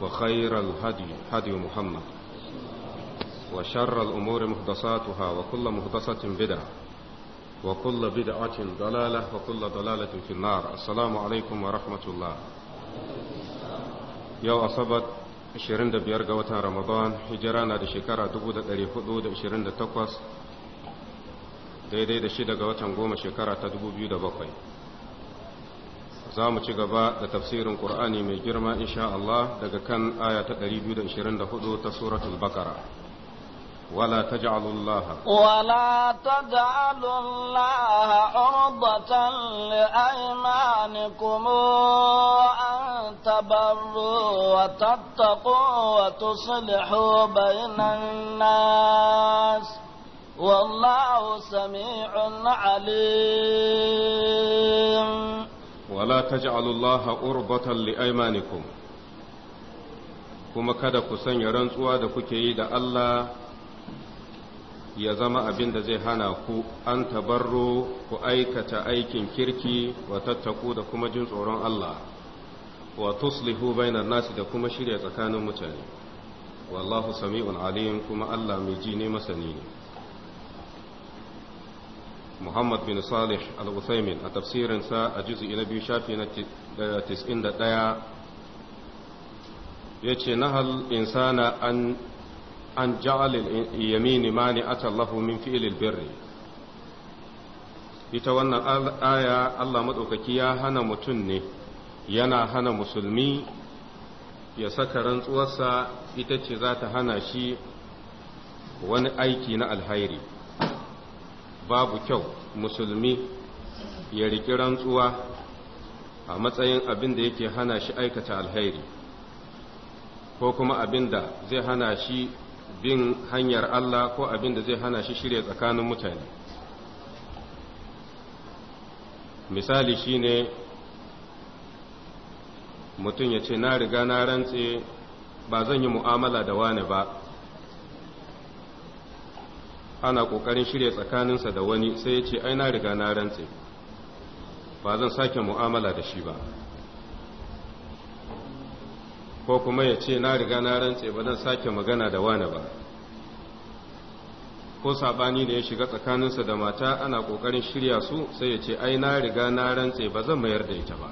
وخير الهدي هدي محمد وشر الأمور محدثاتها وكل محدثة بدعة وكل بدعة ضلالة وكل ضلالة في النار السلام عليكم ورحمة الله يو أصبت 25 ga watan Ramadan hijira na da shekara 1428 daidai da shida ga watan goma shekara ta 2007 za mu ci gaba da tafsirin ƙur'ani mai girma insha Allah daga kan aya ta 224 ta suratul bakara ولا تجعلوا الله ولا تجعلوا الله عرضة لأيمانكم أن تبروا وتتقوا وتصلحوا بين الناس والله سميع عليم wala taj'alullaha urbatan liaymanikum kuma kada ku sanya rantsuwa da kuke yi da Allah ya zama abin da zai hana ku an tabarro ku aikata aikin kirki wa tattaku da kuma jin tsoron Allah wa tuslihu bainan nasi da kuma shirya tsakanin mutane wallahu sami'un alim kuma Allah mai ji ne masani ne Muhammad bin Salih al-Usaimin a tafsirinsa a juz'i na biyu shafi na 91 yace nahal insana an an ja'al al-yamini mani'ata Allahu min fi'l al ita wannan aya Allah madaukaki ya hana mutum ne yana hana musulmi ya saka rantsuwarsa ita ce za ta hana shi wani aiki na alhairi babu kyau musulmi ya riƙi rantsuwa a matsayin abin da yake hana shi aikata alhairi ko kuma abin da zai hana shi bin hanyar Allah ko abin da zai hana shi shirya tsakanin mutane misali shi ne mutum ya ce na riga na rantse ba zan yi mu'amala da wani ba ana ƙoƙarin shirya tsakaninsa da wani sai ya ce ai na riga na rantse ba zan sake mu'amala da shi ba ko kuma ya ce na riga na rantse ba zan sake magana da wani ba ko saɓani da ya shiga tsakaninsa da mata ana ƙoƙarin shirya su sai ya ce ai na riga na rantse ba zan mayar da ita ba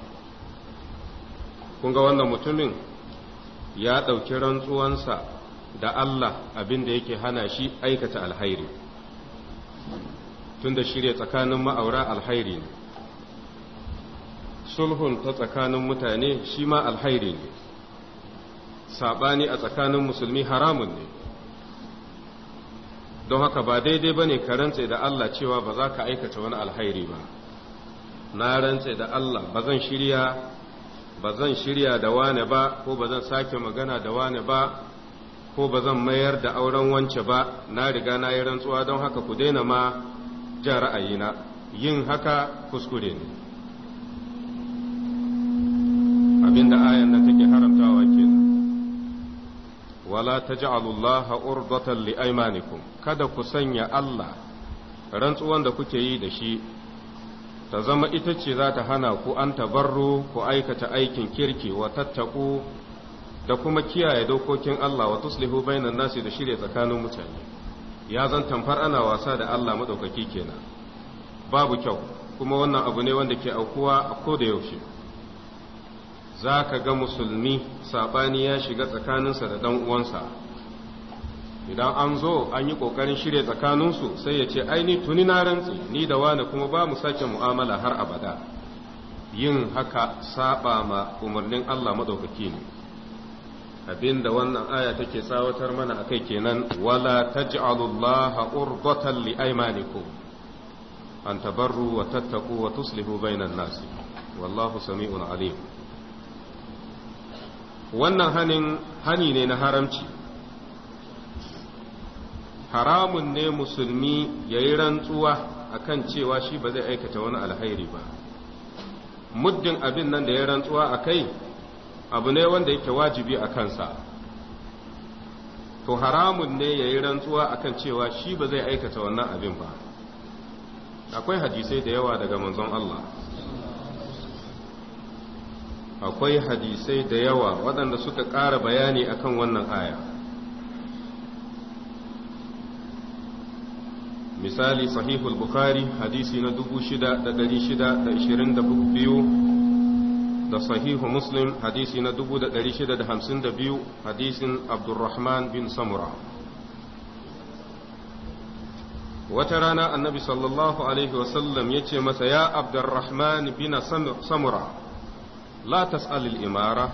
kun ga wannan mutumin ya ɗauki rantsuwansa da Allah abin da yake hana shi aikata alhairi tunda shirya tsakanin ma'aura alhairi ne sulhun ta tsakanin mutane shi ma alhairi ne saɓani a tsakanin musulmi haramun ne don haka ba daidai ba ne ka rantse da Allah cewa ba za ka aikata wani alhairi ba na rantse da Allah ba zan shirya ba zan shirya da wane ba ko ba zan sake magana da wane ba ko ba zan mayar da auren wance ba na riga na yi rantsuwa don haka ku daina ma ja ra'ayina yin haka kuskure ne abinda ayan nan take haramtawa kenan wala taj'alullaha urdatan li aymanikum kada ku sanya Allah rantsuwan da kuke yi da shi ta zama ita ce za ta hana ku an tabarru ku aikata aikin kirki wa tattaku da kuma kiyaye dokokin Allah wa tuslihu bainan nasi da shirya tsakanin mutane ya zan tamfar ana wasa da Allah madaukaki kenan babu kyau kuma wannan abu ne wanda ke aukuwa a da yaushe za ka ga musulmi saɓani ya shiga tsakaninsa da ɗan uwansa idan an zo an yi ƙoƙarin shirya tsakaninsu sai ya ce ai ni tuni na rantsi ni da wani kuma ba mu sake mu'amala har abada yin haka saɓa ma umarnin Allah maɗaukaki ne abinda wannan aya take tsawatar mana akai kenan wala taj'alullaha urdatan li aymanikum an tabarru wa tattaqu wa tuslihu bainan nas wallahu sami'un alim wannan hanin hani ne na haramci haramun ne musulmi yayi rantsuwa akan cewa shi ba zai aikata wani alhairi ba muddin abin nan da ya rantsuwa akai abu ne wanda yake wajibi a kansa to haramun ne ya yi rantsuwa a kan cewa shi ba zai aikata wannan abin ba akwai hadisai da yawa daga manzon Allah akwai hadisai da yawa waɗanda suka ƙara bayani akan wannan aya misali sahihul bukhari hadisi na 6622 da sahihu muslim hadisi na 652 hadisin abdurrahman bin samura wata rana annabi sallallahu alaihi wasallam ya ce masa ya abdurrahman bin samura la tas'alil imara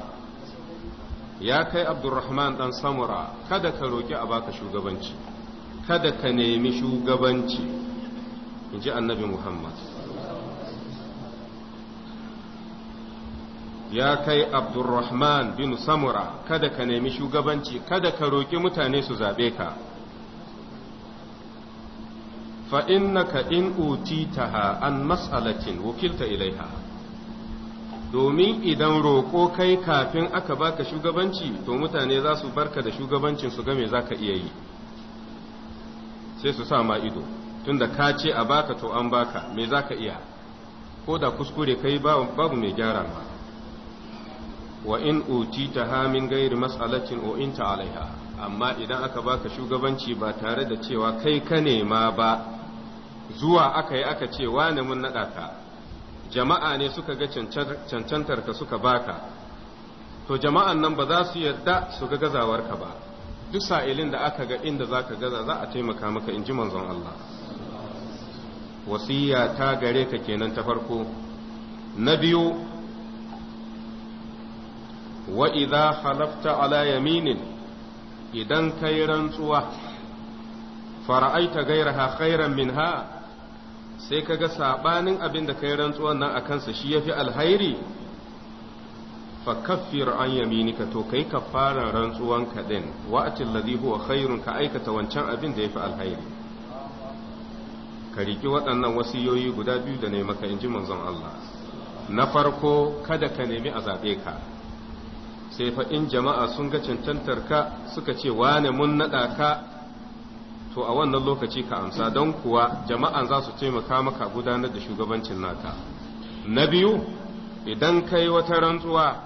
ya kai abdurrahman dan samura kada ka roki a baka shugabanci kada ka nemi shugabanci in ji annabi muhammad ya kai abdurrahman bin samura kada ka nemi shugabanci kada ka roƙi mutane su zaɓe ka fa'innaka in utitaha an mas'alatin wakilta ilaiha domin idan roƙo kai kafin aka baka shugabanci to mutane za su barka da shugabancin su game za ka iya yi sai su sa ma ido tunda ka ce a baka to an baka me za ka iya ko da kuskure kai babu mai gyara ma wa in utita ha min gairi matsalacin o inta alaiha amma idan aka baka shugabanci ba tare da cewa kai ka nema ba zuwa aka yi aka ce wane mun naɗa ka jama'a ne suka ga cancantar ka suka baka to jama'an nan ba za su yarda su ga gazawar ka ba duk sa'ilin da aka ga inda za ka gaza za a taimaka maka in ji manzon Allah wasiya ta gare ka kenan ta farko na biyu wa idza halafta ala yaminin idan kai rantsuwa fara'aita gairaha khairan minha sai kaga sabanin abin da yi rantsuwan nan a kansa shi yafi alhairi fa kaffir an ka to kai kafaran rantsuwan ka din wa'atil ladhi huwa khairun ka aikata wancan abin da yafi alhairi ka riki waɗannan wasiyoyi guda biyu da ne maka in ji manzon Allah na farko kada ka nemi a zaɓe ka sai fa in jama'a sun ga cancantar ka suka ce wane mun naɗa ka to a wannan lokaci ka amsa don kuwa jama'an za su taimaka maka gudanar da shugabancin naka na biyu idan ka wata rantsuwa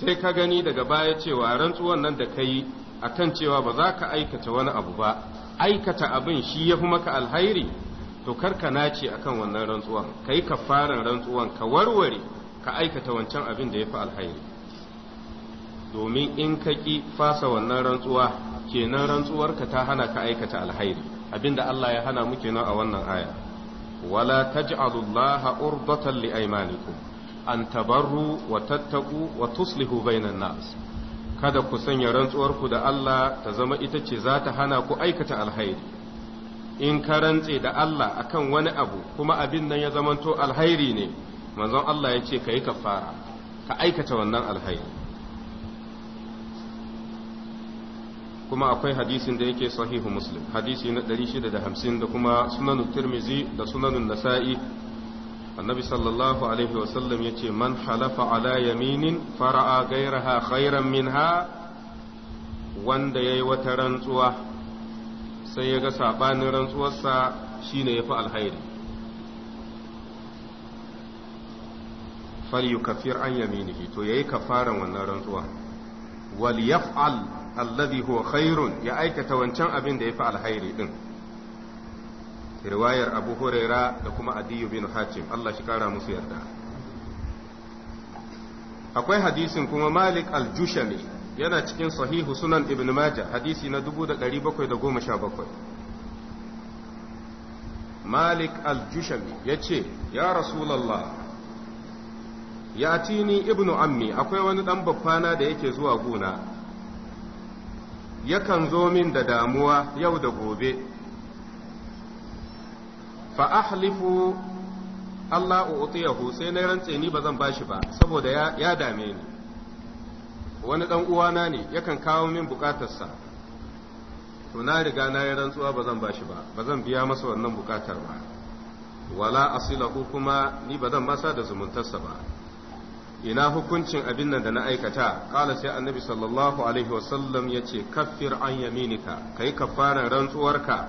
sai ka gani daga baya cewa rantsuwan nan da ka yi a kan cewa ba za ka aikata wani abu ba aikata abin shi ya fi maka alhairi to kar ka nace akan wannan rantsuwan ka yi rantsuwan ka warware ka aikata wancan abin da ya fi alhairi domin in ka ƙi fasa wannan rantsuwa kenan rantsuwarka ta hana ka aikata alhairi abinda Allah ya hana mu kenan a wannan aya wala taj'alullaha urdatan liaymanikum an tabarru wa tattaqu wa tuslihu bainan nas kada ku sanya rantsuwar ku da Allah ta zama ita ce za ta hana ku aikata alhairi in ka rantse da Allah akan wani abu kuma abin nan ya zamanto alhairi ne manzon Allah ya ce ka yi kafara ka aikata wannan alhairi kuma akwai hadisin da yake sahihu muslim hadisi na 650 da kuma sunanun tirmizi da sunanun nasa'i annabi sallallahu alaihi wasallam ya ce man halafa ala yaminin fara'a gairaha khairan minha wanda ya yi wata rantsuwa sai ya ga saɓanin rantsuwarsa shine ya fi alhairi fal yukaffir an yaminihi to yayi kafaran wannan rantsuwa wal yaf'al alladhi huwa ya aikata wancan abin da ya fi alkhairi ɗin. riwayar Abu Huraira da kuma Adiyu bin Hatim Allah shi kara musu yarda akwai hadisin kuma Malik al-Jushami yana cikin sahihu sunan Ibn Majah hadisi na da da goma 1717 Malik al ya ce ya Rasulullah ya tini ibnu ammi akwai wani ɗan babbana da yake zuwa gona yakan zo min da damuwa yau da gobe fa ahlifu Allah u'tiyahu sai na rantse ni ba zan bashi ba saboda ya dame ni wani ɗan uwana ne yakan kawo min bukatarsa to na riga na yi rantsuwa ba zan bashi ba ba zan biya masa wannan bukatar ba wala asilahu kuma ni ba zan masa da zumuntarsa ba ina hukuncin abin nan da na aikata kala sai annabi sallallahu alaihi wasallam ya ce kaffir an yaminika ka yi kafaran rantsuwarka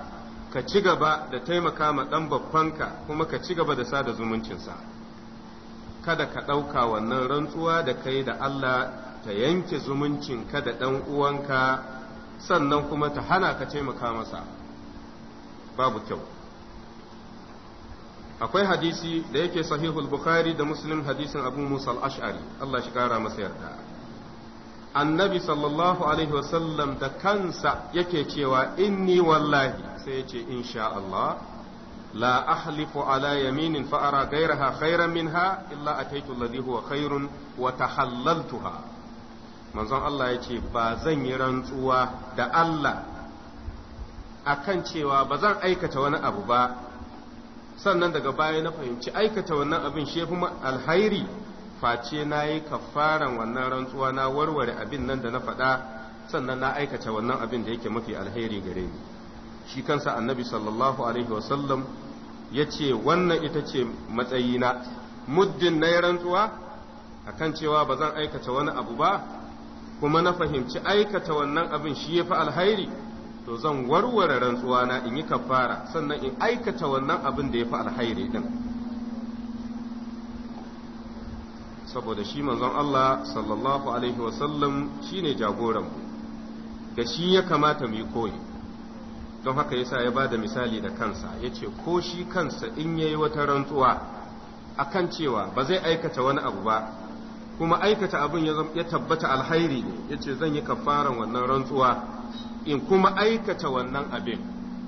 ka ci gaba da taimaka ma ɗan babbanka kuma ka ci gaba da sada zumuncinsa kada ka ɗauka wannan rantsuwa da kai da Allah ta yanke zumuncin ka da ɗan uwanka sannan kuma ta hana ka taimaka masa babu kyau akwai hadisi da yake sahihul bukhari da muslim hadisin abu musa al-ash'ari Allah shi kara masa yarda annabi sallallahu alaihi wasallam da kansa yake cewa inni wallahi sai ya ce insha Allah la ahlifu ala yaminin fa'ara gairaha ghayraha khairan minha illa ataitu alladhi huwa khairun wa tahallaltuha manzon Allah ya ce ba zan yi rantsuwa da Allah akan cewa ba zan aikata wani abu ba sannan daga baya na fahimci aikata wannan abin shi fi alhairi face na yi kafaran wannan rantsuwa na warware abin nan da na faɗa sannan na aikata wannan abin da yake mafi alhairi gare ni shi kansa annabi sallallahu alaihi wasallam ya ce wannan ita ce matsayina muddin na yi rantsuwa a kan cewa ba zan aikata wani abu ba kuma na fahimci aikata wannan abin shi ya fi alhairi to zan warware rantsuwa na in yi kafara sannan in aikata wannan abin da ya fi alhairi din saboda shi manzon Allah sallallahu alaihi wasallam shi ne jagoranmu da shi ya kamata mu yi koyi don haka yasa ya ba da misali da kansa ya ce ko shi kansa in ya yi wata rantsuwa akan cewa ba zai aikata wani abu ba kuma aikata abin ya tabbata alhairi ne ya ce zan yi kafaran wannan rantsuwa in kuma aikata wannan abin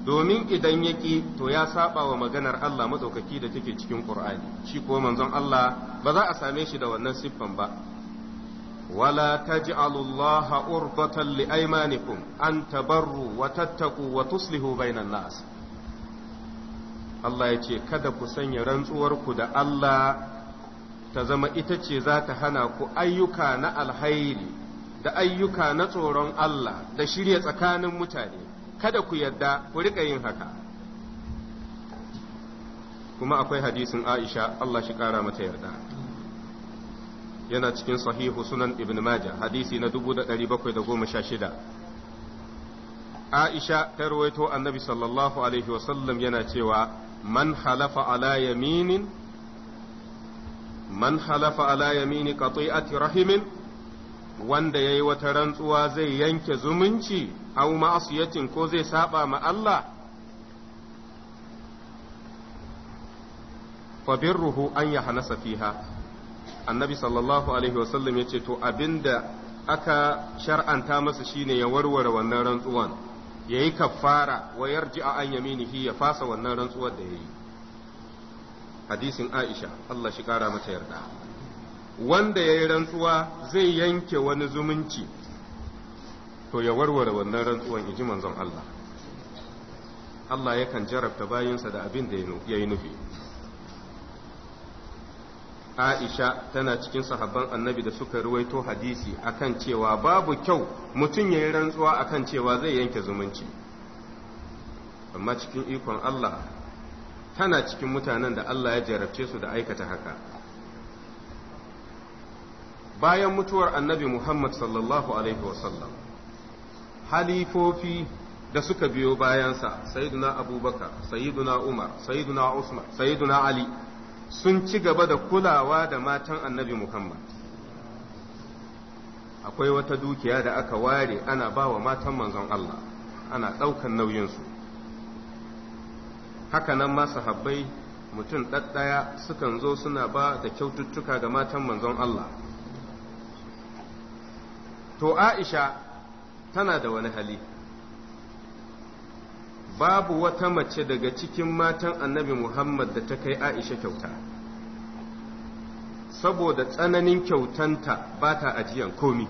domin idan ya ƙi to ya saba wa maganar Allah matsaukaki da take cikin Qur'ani shi ko manzon Allah ba za a same shi da wannan siffan ba wala taj'alu Allah urbatan li aymanikum an tabarru wa tattaqu wa tuslihu bainan nas Allah ya ce kada ku sanya rantsuwar ku da Allah ta zama ita ce za ta hana ku ayyuka na alhairi da ayyuka na tsoron Allah da shirya tsakanin mutane kada ku yadda ku rika yin haka kuma akwai hadisin Aisha Allah shi ƙara mata yarda yana cikin sahihu sunan ibn Majah hadisi na 1716 Aisha ta ruwaito annabi sallallahu alaihi wasallam yana cewa man halafa ala yaminin man halafa ala yamini qati'ati rahimin wanda ya yi wata rantsuwa zai yanke zumunci au ma'asiyatin ko zai saba ma Allah fa ruhu an ya hanasa fiha annabi sallallahu alaihi wasallam ya ce to abinda aka shar'anta masa shine ya warware wannan rantsuwan ya yi kafara, wa yarji a an yaminihi ya fasa wannan rantsuwar da ya yi hadisin aisha Allah shi kara mata yarda wanda ya yi rantsuwa zai yanke wani zumunci to ya warware wannan rantsuwan iji manzon Allah Allah yakan jarabta bayinsa da abin da ya yi nufi Aisha tana cikin sahabban annabi da suka ruwaito hadisi akan cewa babu kyau mutum ya yi rantsuwa akan cewa zai yanke zumunci amma cikin ikon Allah tana cikin mutanen da Allah ya jarabce su da aikata haka bayan mutuwar annabi Muhammad sallallahu Alaihi wasallam halifofi da suka biyo bayansa sayyiduna abubakar sayyiduna umar sayyiduna usman sayyiduna ali sun ci gaba da kulawa da matan annabi muhammad akwai wata dukiya da aka ware ana ba wa matan manzon allah ana ɗaukan nauyinsu hakanan ma sahabbai mutum ɗaɗɗaya sukan zo suna ba da kyaututtuka ga matan manzon allah to aisha tana da wani hali babu wata mace daga cikin matan annabi muhammad da ta kai aisha kyauta saboda tsananin kyautanta ba ta ajiyan komi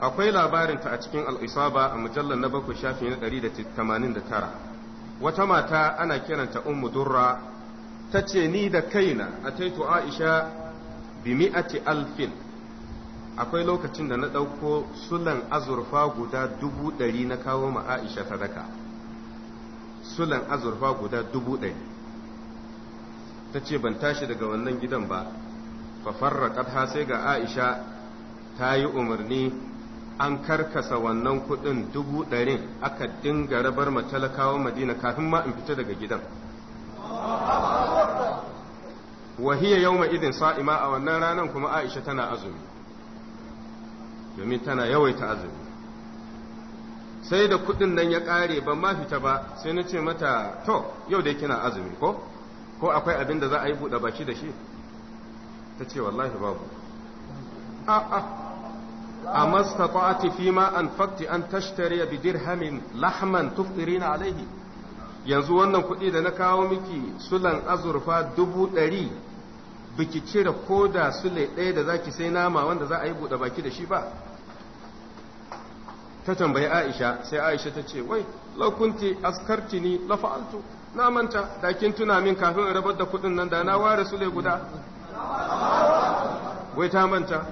akwai labarinta a cikin al'isaba a mujallar na bakwai shafi na 189 wata mata ana kiranta ummu durra ta ce ni da kaina a taito aisha bi mi'ati alfin akwai lokacin da na ɗauko sulan azurfa guda dubu ɗari na kawo ma aisha sadaka sulan azurfa guda dubu ɗari ta ce ban tashi daga wannan gidan ba fafarra ƙadha sai ga aisha ta yi umarni an karkasa wannan kuɗin dubu ɗarin aka dinga rabar matalakawan madina kafin ma in fita daga gidan wahiya yau idin sa'ima a wannan ranar kuma aisha tana azumi domin tana yawaita azumi sai da kuɗin nan ya ƙare ban ma fita ba sai na ce mata to yau dai kina azumi ko ko akwai abin da za a yi buɗe baki da shi ta ce wallahi babu a'a أما an فيما أنفقت أن تشتري بدرهم لحما تفطرين alaihi yanzu wannan kuɗi da na kawo miki sulan azurfa dubu ɗari biki cire ko da sule ɗaya da zaki sai nama wanda za a yi buɗe baki da shi ba ta tambayi aisha sai aisha ta ce wai laukunti askarti ni lafa'altu na manta da kin tuna min kafin in rabar da kuɗin nan da na ware sule guda wai ta manta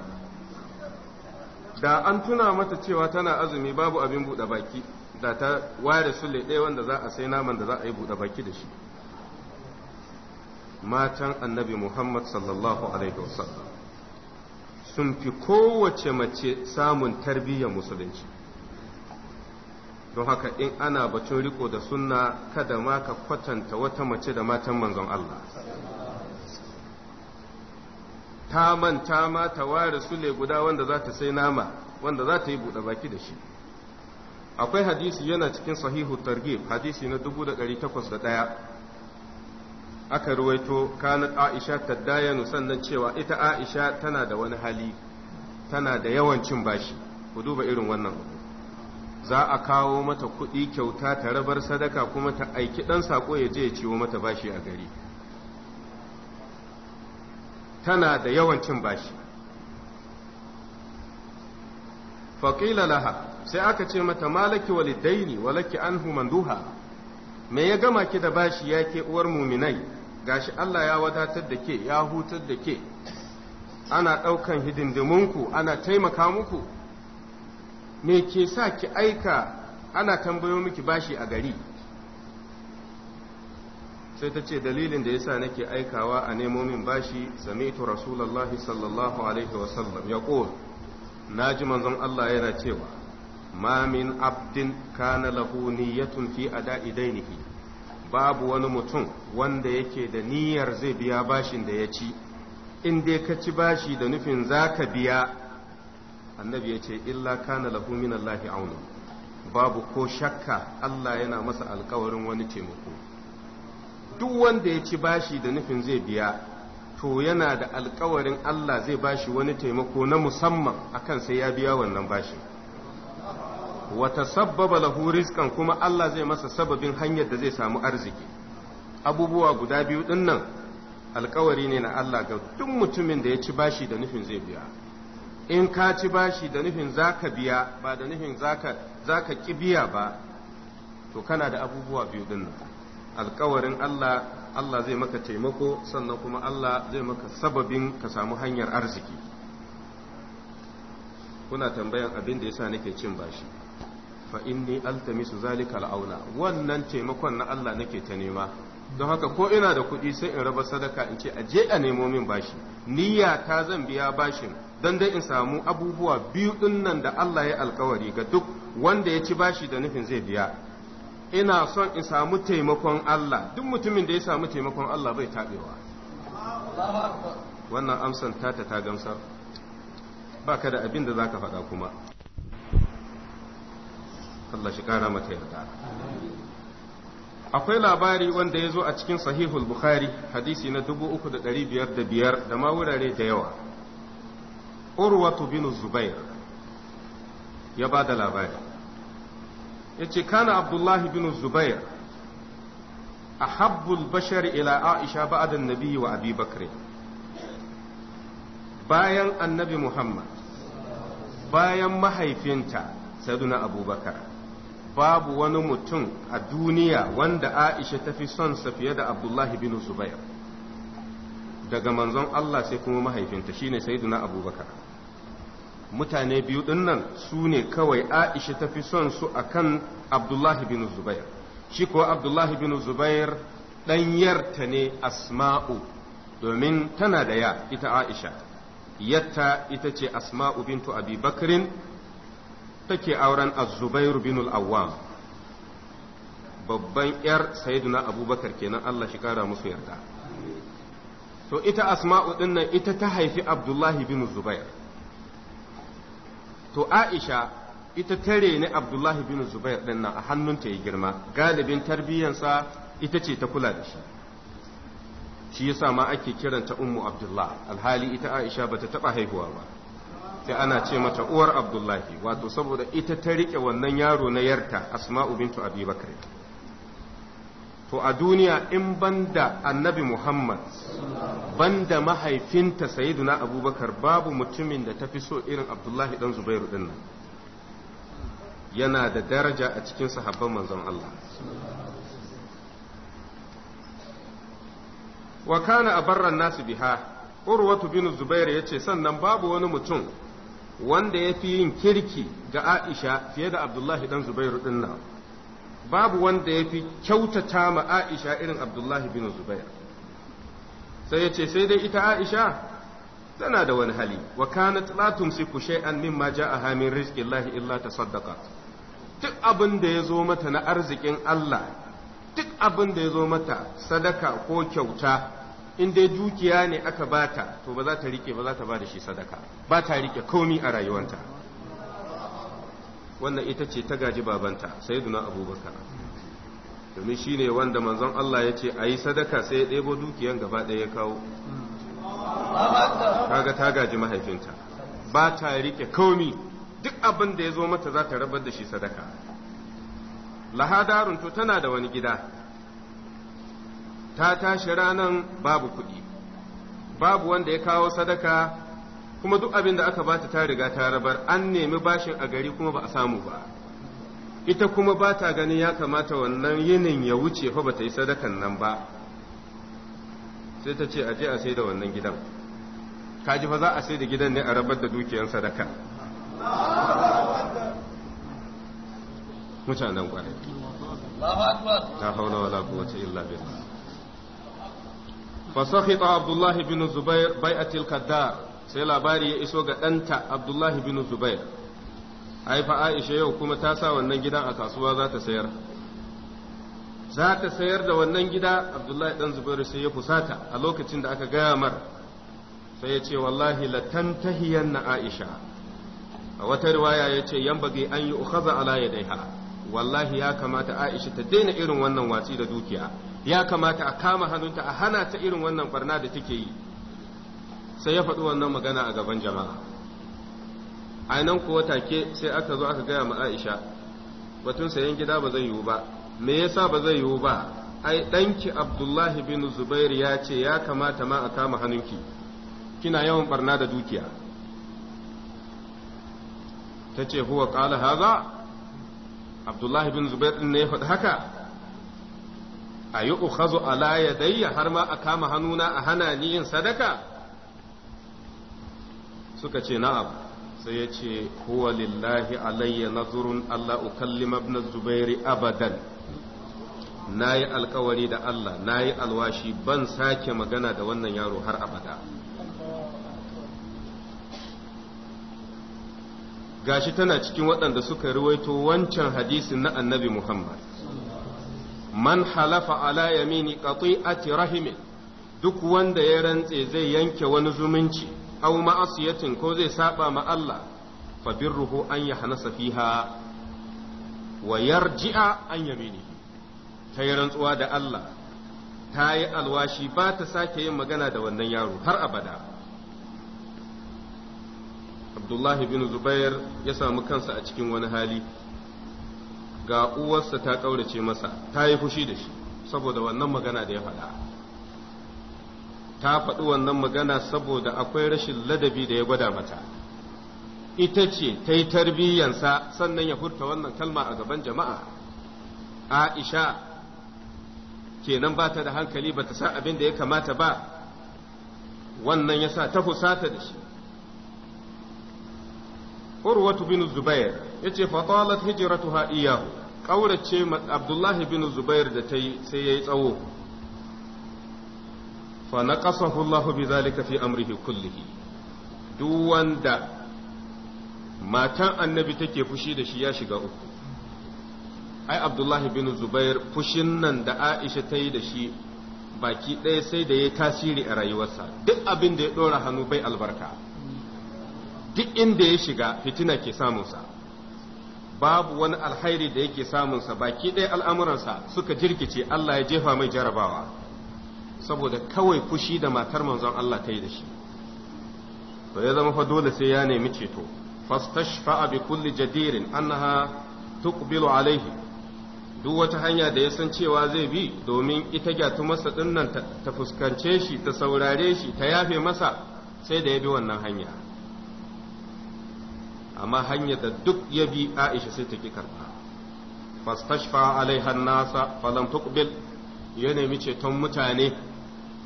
da an tuna mata cewa tana azumi babu abin buɗe baki da ta ware sule ɗaya wanda za a sai naman da za a yi buɗe baki da shi matan annabi Muhammad sallallahu Alaihi wasallam sun fi kowace mace samun tarbiyyar musulunci don haka in ana bacin riko da sunna kada ma ka kwatanta wata mace da matan manzon Allah ta manta ma ta ware sule guda wanda za ta sai nama wanda za ta yi buɗe baki da shi akwai hadisi yana cikin sahihu targhib hadisi na 1801 aka ruwaito kanat aisha ta taddayanu sannan cewa ita aisha tana da wani hali tana da yawan cin bashi ku duba irin wannan za a kawo mata kuɗi kyauta ta rabar sadaka kuma ta aiki ɗan saƙo ya je ya ciwo mata bashi a gari tana da yawan cin bashi faƙila laha sai aka ce mata malaki walidaini walaki anhu manduha me ya gama ki da bashi ya ke uwar muminai gashi Allah ya wadatar da ke ya hutar da ke ana ɗaukan hidindimunku ana taimaka muku me ke sa ki aika ana tambayo miki bashi a gari sai ta ce dalilin da yasa nake aikawa a nemo min bashi sami'tu rasulullahi sallallahu alaihi wasallam ya na ji manzon Allah yana cewa ma min abdin kana ya tunfi a ada'i dainihi babu wani mutum wanda yake da niyyar zai biya bashin da ya ci in dai ka ci bashi da nufin za ka biya annabi ya ce illa kana lahu min Allahi aunu babu ko shakka Allah yana masa alkawarin wani taimako duk wanda ya ci bashi da nufin zai biya to yana da alkawarin Allah zai bashi wani taimako na musamman akan sai ya biya wannan bashin wata sabbaba lahu rizqan kuma Allah zai masa sababin hanyar da zai samu arziki abubuwa guda biyu din nan alkawari ne na Allah ga duk mutumin da ya ci bashi da nufin zai biya in ka ci bashi da nufin zaka biya ba da nufin zaka zaka ki biya ba to kana da abubuwa biyu din nan alkawarin Allah Allah zai maka taimako sannan kuma Allah zai maka sababin ka samu hanyar arziki kuna tambayan abin da yasa nake cin bashi fa inni altamisu zalika al'auna wannan taimakon na Allah nake ta nema don haka ko ina da kuɗi sai in raba sadaka in ce a je a nemo min bashi niyya ta zan biya bashin don dai in samu abubuwa biyu din nan da Allah ya alkawari ga duk wanda ya ci bashi da nufin zai biya ina son in samu taimakon Allah duk mutumin da ya samu taimakon Allah bai taɓewa wannan amsan tata ta gamsar ba ka da abin da za ka faɗa kuma Allah shi kara mata yarda akwai labari wanda ya zo a cikin sahihul bukhari hadisi na uku da ma wurare da yawa urwatu bin zubair ya ba da labari ya ce kana abdullahi bin zubair a habbul bashar ila aisha ba'adan nabiyyi wa abi bakre bayan annabi muhammad bayan mahaifinta saduna abubakar babu wani mutum a duniya wanda Aisha ta fi son sa fiye da Abdullahi bin Zubair daga manzon Allah sai kuma mahaifinta shine Sayyidina Abubakar mutane biyu dinnan su ne kawai Aisha ta fi son su akan Abdullahi bin Zubair shi ko Abdullahi bin Zubair ɗanyarta ne Asma'u domin tana da ya ita Aisha yatta ita ce Asma'u bintu Abi Bakrin take auren az-zubair bin al babban yar sayyiduna abubakar kenan Allah shi kara musu yarda to ita asma'u dinnan ita ta haifi abdullahi bin zubair to aisha ita tare ne abdullahi bin zubair dinnan a hannunta ya girma galibin tarbiyyansa ita ce ta kula da shi shi yasa ma ake kiranta ummu abdullah alhali ita aisha bata taɓa haihuwa ba sai ana ce mata uwar abdullahi wato saboda ita ta riƙe wannan yaro na yarta asma'u bintu abi to a duniya in banda annabi muhammad banda mahaifinta sayyiduna abubakar babu mutumin da ta fi so irin abdullahi dan zubairu din nan yana da daraja a cikin sahabban manzon allah wa kana barran nasu biha urwatu bin zubair ce sannan babu wani mutum wanda ya fi yin kirki ga Aisha fiye da Abdullahi dan Zubairu din nan babu wanda ya fi kyautata ma Aisha irin Abdullahi bin Zubair sai ya ce sai dai ita Aisha tana da wani hali wa kanat la tumsiku shay'an mimma ja'aha min rizqillahi illa tasaddaqa. duk abin da ya zo mata na arzikin Allah duk abin da ya zo mata sadaka ko kyauta in dai dukiya ne aka bata to ba za ta rike ba za ta bada shi sadaka ba ta rike komi a rayuwanta wannan ita ce ta gaji babanta sayyiduna abubakar domin shi ne wanda manzon Allah ya ce a yi sadaka sai ya ɗebo dukiyan gaba ɗaya ya kawo kaga ta gaji mahaifinta ba ta rike komi duk abin da ya zo mata za ta rabar da shi sadaka lahadarun to tana da wani gida ta tashi ranan babu kuɗi babu wanda ya kawo sadaka kuma duk abin da aka bata ta riga ta rabar an nemi bashin a gari kuma ba a samu ba ita kuma ba ta ganin ya kamata wannan yinin ya wuce fa ba ta yi sadakan nan ba sai ta ce a je a sai da wannan gidan kaji fa za a sai da gidan ne a rabar da dukiyan sadaka mutanen kwarai Ta haula wala quwwata illa billah fasakhita abdullahi bin bai a kaddar sai labari ya iso ga ɗanta abdullahi bin zubair ai aisha yau kuma ta sa wannan gidan a kasuwa za ta sayar za sayar da wannan gida abdullahi dan zubairu sai ya fusata a lokacin da aka gaya mar sai ya ce wallahi latantahiyan na aisha a wata riwaya ya ce yan bage an yi ukhaza ala yadaiha wallahi ya kamata aisha ta daina irin wannan watsi da dukiya ya kamata a kama hannunta a hana ta irin wannan barna da take yi sai ya faɗi wannan magana a gaban jama'a a nan kuwa take sai aka zo aka gaya ma aisha batun sayan gida ba zai yiwu ba me yasa ba zai yiwu ba ai danki abdullahi bin zubair ya ce ya kamata ma a kama hannunki kina yawan barna da dukiya ta ce huwa ƙala haza abdullahi bin zubair ɗin ne ya faɗi haka a yi ukhazu ala yadayya har ma a kama hannuna a hana ni yin sadaka suka ce na'am sai ya ce huwa lillahi alayya nazurun Allah ukallima ibn zubairi abadan nayi alkawari da Allah nayi alwashi ban sake magana da wannan yaro har abada gashi tana cikin waɗanda suka ruwaito wancan hadisin na annabi Muhammad man halafa ala yamini qati'ati rahimin duk wanda ya rantse zai yanke wani zumunci aw ma'asiyatin ko zai saba ma Allah fa birruhu an yahnasa fiha wa yarji'a an Yamini, ta yi rantsuwa da Allah ta yi alwashi ba ta sake yin magana da wannan yaro har abada Abdullahi bin Zubair ya samu kansa a cikin wani hali ga uwarsa ta ƙaurace masa ta yi fushi da shi saboda wannan magana da ya faɗa ta faɗi wannan magana saboda akwai rashin ladabi da ya gwada mata ita ce ta yi tarbiyyansa sannan ya furta wannan kalma a gaban jama'a aisha kenan ba ta da hankali ba ta sa abin da ya kamata ba wannan ya sa ta fusata da shi urwatu bin zubair yace fa hijiratu hijratuha iyahu kaurace abdullahi bin zubair da ta yi sai ya yi tsawo fa naqasahu Allah bi zalika fi amrihi kullihi duk wanda matan annabi take fushi da shi ya shiga uku ai abdullahi bin zubair fushin nan da aisha ta yi da shi baki ɗaya sai da ya tasiri a rayuwarsa duk abin da ya ɗora hannu bai albarka duk inda ya shiga fitina ke samunsa babu wani alhairi da yake samunsa baki ɗaya al'amuransa suka jirkice Allah ya jefa mai jarabawa saboda kawai fushi da matar manzon Allah ta yi da shi to ya zama fa dole sai ya nemi ceto fastashfa'a bi kulli jadirin annaha tuqbilu alaihi duk wata hanya da ya san cewa zai bi domin ita gyatu masa dinnan ta fuskance shi ta saurare shi ta yafe masa sai da ya bi wannan hanya amma hanyar da duk ya bi Aisha sai ta ki karba fastashfa alaiha nasa falam tuqbil ya nemi ceton mutane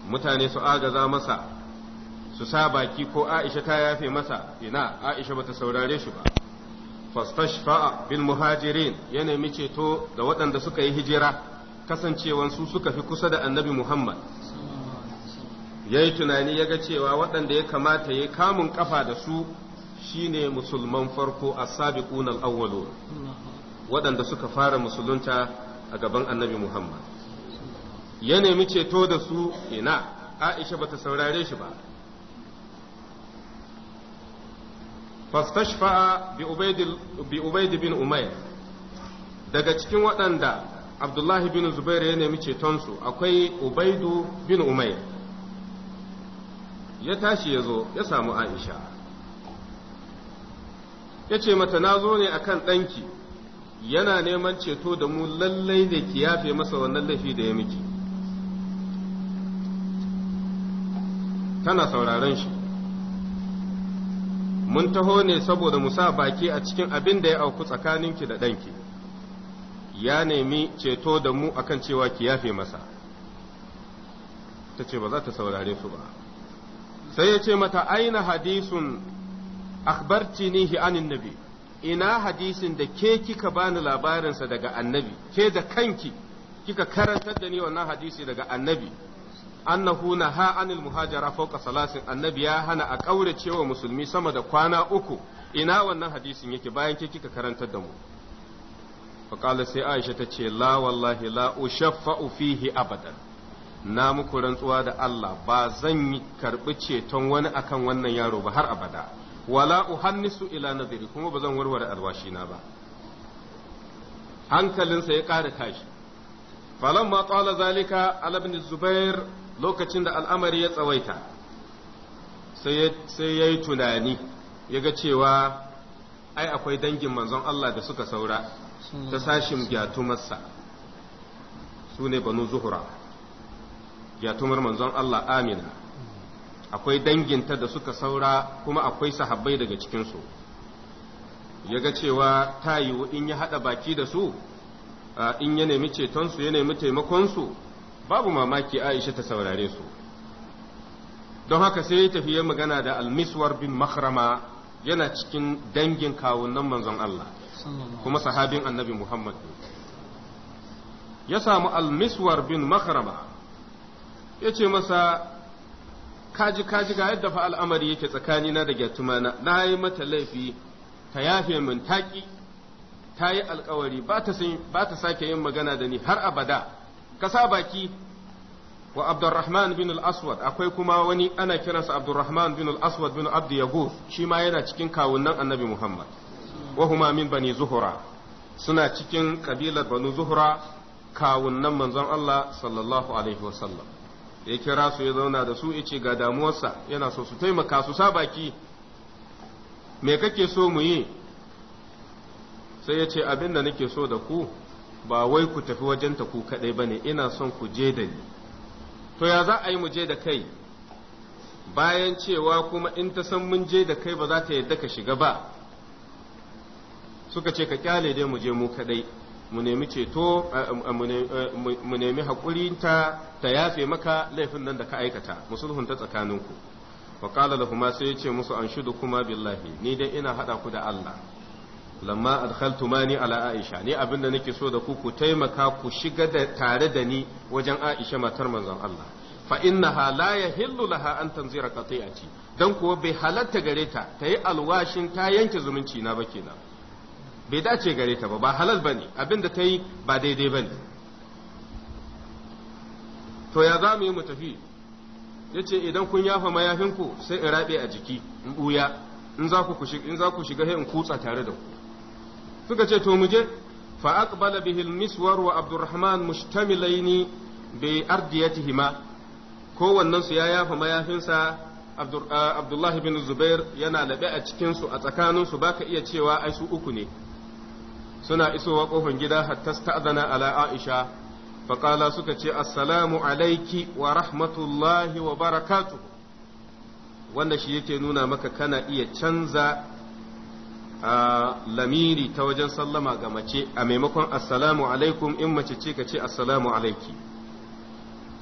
mutane su agaza masa su sa baki ko Aisha ta yafe masa ina Aisha bata saurare shi ba fastashfa bil muhajirin ya nemi ceto da waɗanda suka yi hijira kasancewan su suka fi kusa da annabi Muhammad ya tunani ya ga cewa waɗanda ya kamata ya kamun kafa da su shine musulman farko a sabi al-awwalun waɗanda suka fara musulunta a gaban annabi Muhammad ya nemi ceto da su ina Aisha ba ta saurare shi ba fastashfa'a bi ubaidu bin Umayr daga cikin waɗanda Abdullahi bin Zubair ya nemi cetonsu akwai Ubaidu bin umair ya tashi ya zo ya samu Aisha ya ce mata na zo ne akan ɗanki yana neman ceto da mu lallai ne ki yafe masa wannan laifi da ya miki tana sauraron shi mun taho ne saboda mu sa baki a cikin abin da ya auku tsakanin ki da ɗanki ya nemi ceto da mu akan cewa ki yafe masa ta ce ba za ta saurare su ba sai ya ce mata aina hadisun akhbartinihi anin nabi ina hadisin da ke kika bani labarinsa daga annabi ke da kanki kika karantar da ni wannan hadisi daga annabi annahu naha anil muhajara fawqa salasin annabi ya hana a kaure cewa musulmi sama da kwana uku ina wannan hadisin yake bayan ke kika karantar da mu faqala sai aisha ta ce la wallahi la ushaffa'u fihi abadan na muku rantsuwa da Allah ba zan yi karbi ceton wani akan wannan yaro ba har abada wala uhannisu ila nadiri kuma ba zan warware alwashina ba hankalinsa ya ƙara tashi falon ma tsala zalika alabni zubair lokacin da al'amari ya tsawaita sai ya yi tunani ya ga cewa ai akwai dangin manzon Allah da suka saura ta sashin gyatumarsa su ne banu zuhura gyatumar manzon Allah amina akwai danginta da suka saura kuma akwai sahabbai daga cikinsu ya ga cewa ta yiwu in ya haɗa baki da su in ya nemi cetonsu ya nemi taimakon su babu mamaki aisha ta saurare su don haka sai ya tafi ya magana da almiswar bin makrama yana cikin dangin kawunan manzon Allah kuma sahabin annabi Muhammad ya samu almiswar bin makrama ya ce masa kaji kaji ga yadda fa al'amari yake tsakanina da gyatumana na yi mata laifi ta yafe min taƙi ta yi alkawari ba ta sake yin magana da ni har abada ka sa baki wa abdurrahman bin al-aswad akwai kuma wani ana kiransa abdurrahman bin al-aswad bin abdu yagur shi ma yana cikin kawunan annabi muhammad wa huma min bani zuhura suna cikin kabilar banu zuhura kawunan manzon allah sallallahu alaihi wasallam ya kira su ya zauna da su ice ga damuwarsa yana so su taimaka su sa baki me kake so mu yi sai ya ce abin da nake so da ku ba wai ku tafi wajen ta ku kadai ne ina son ku je da ni to ya za a yi mu je da kai bayan cewa kuma in ta san mun je da kai ba za ta yadda ka shiga ba suka ce ka kyale dai mu je mu kadai mu nemi ceto eh, eh, eh, mu nemi haƙurinta ta yafe maka laifin nan da ka aikata musulhun ta tsakaninku wa qala lahum sai yace musu an shudu kuma billahi ni dai ina haɗa ku da Allah lamma adkhaltumani ala aisha ni da nake so da ku ku taimaka ku shiga da tare da ni wajen aisha matar manzon Allah fa innaha la yahillu laha an tanzira qati'ati dan kuwa bai halatta gare ta tayi alwashin ta yanke zumunci na ba kenan bai dace gare ta ba ba halal bane abin da ta yi ba daidai bane to ya za mu yi mu tafi ya ce idan kun yafa mayafinku sai in rabe a jiki in ɓuya in za ku shiga in kutsa tare da ku suka ce to mu je fa aqbala bihi al-miswar wa abdurrahman mushtamilaini bi ardiyatihima kowannen su ya yafa mayafinsa abdullahi bin zubair yana labe a cikinsu a tsakaninsu su baka iya cewa ai su uku ne suna isowa kofin gida hatta sta'zana ala Aisha faqala suka ce assalamu alayki wa rahmatullahi wa barakatuh wanda shi yake nuna maka kana iya canza lamiri ta wajen sallama ga mace a maimakon assalamu alaikum in mace ce ka ce assalamu alaiki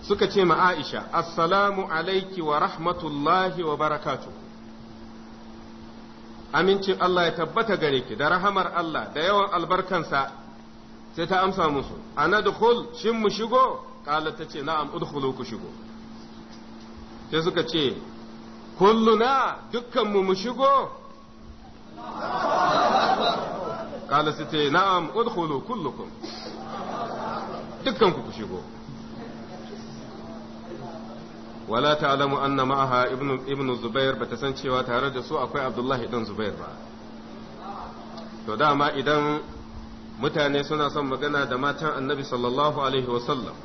suka ce ma Aisha assalamu alaiki wa rahmatullahi wa barakatuh amincin Allah ya tabbata gare ki da rahamar Allah da yawan albarkansa sai ta amsa musu ana dukhul shin mu shigo kala ta ce na'am udkhulu ku shigo sai suka ce kulluna dukkan mu mu shigo kala su ce na'am udkhulu kullukum dukkan ku ku shigo wala ta'lamu anna ma'aha ibnu ibnu zubair bata san cewa tare da su akwai abdullahi dan zubair ba to dama idan mutane suna son magana da matan annabi sallallahu alaihi sallam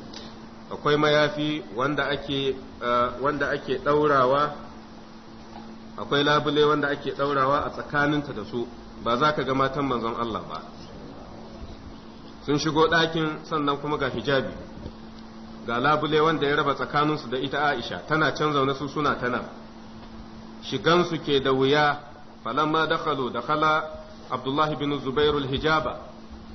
akwai mayafi wanda ake eh, wanda ake daurawa akwai labule wanda ake daurawa a tsakaninta da su ba za ka ga matan manzon Allah ba sun shigo ɗakin sannan kuma ga hijabi ga labule wanda ya raba tsakaninsu da ita Aisha tana can zaune su suna tana shigansu ke da wuya falamma da kala Abdullahi bin Zubair hijaba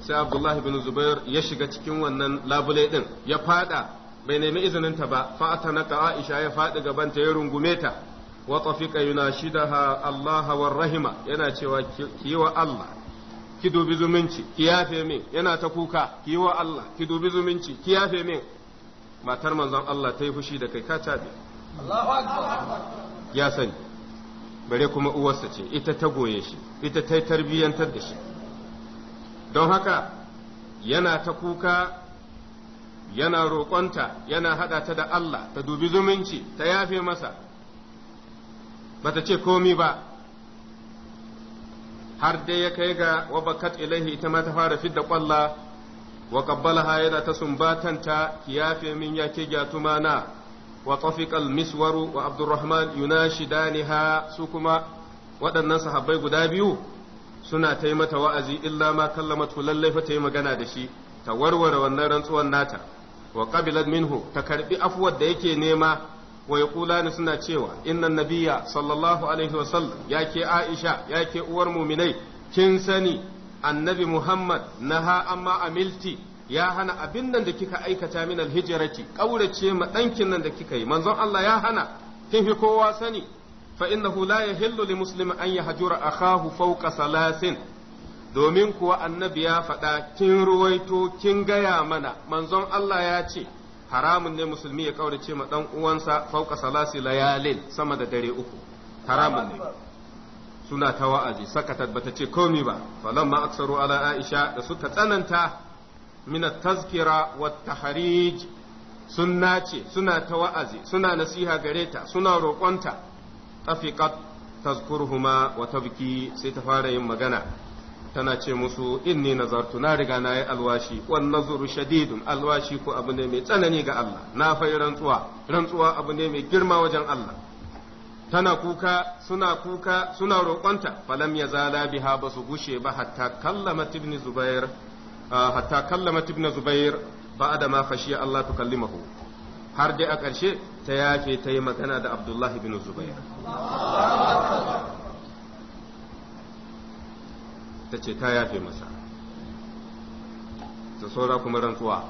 sai Abdullahi bin Zubair ya shiga cikin wannan labule din ya fada bai nemi izinin ta ba fa ka Aisha ya fadi gaban ta ya rungume ta wa tafiqa yunashidaha Allah war rahima yana cewa ki wa Allah ki dubi zumunci ki yafe min yana ta kuka ki wa Allah ki dubi zumunci ki yafe min matar manzon Allah ta yi fushi da kai ka tabe ya sani bare kuma uwarsa ce ita ta goye shi ita ta tarbiyyantar da shi don haka yana ta kuka yana roƙonta yana haɗa ta da Allah ta dubi zumunci ta yafe masa bata ce komi ba har dai ya kai ga wabakat ilaihi ita ma ta fara fidda ƙwalla wa qabbalaha yana ta sumbatanta kiyafe min yake gyatuma gyatumana wa tafiqal Yuna wa abdurrahman yunashidaniha su kuma waɗannan sahabbai guda biyu suna ta mata wa'azi illa ma kallamatu lallai fa ta yi magana da shi ta warware wannan rantsuwar nata wa Minho minhu ta karbi afwar da yake nema wa yaqulani suna cewa innan nabiyya sallallahu alaihi wa sallam yake aisha yake uwar muminai kin sani annabi Muhammad naha amma amilti ya hana abin nan da kika aikata min alhijrati kaurace ma nan da kika yi manzon Allah ya hana kin fi kowa sani fa innahu la yahillu li muslim an yahjura akahu fawqa salasin domin kuwa annabi ya faɗa kin ruwaito kin gaya mana manzon Allah ya ce haramun ne musulmi ya kaurace ma ɗan uwansa fawqa salasi layalin sama da dare uku haramun ne suna ta wa'azi sakatat bata ce komi ba falamma aksaru ala aisha da suka tsananta min tazkira wa tahrij sun nace suna ta wa'azi suna nasiha gare ta suna roƙonta tafiqat tazkurhuma wa tabki sai ta fara yin magana tana ce musu inni nazartu na riga na yi alwashi wan nazuru shadidun alwashi ko abu ne mai tsanani ga Allah na fai rantsuwa rantsuwa abu ne mai girma wajen Allah tana kuka suna kuka suna roƙonta falam ya zala biha ba su gushe ba hatta kallama tibni zubair hatta kallama tibni zubair ba da ma khashiya Allah tukallimahu har dai a ƙarshe ta yafe ta yi magana da Abdullahi bin Zubair ta ce ta yafe masa ta saura kuma rantsuwa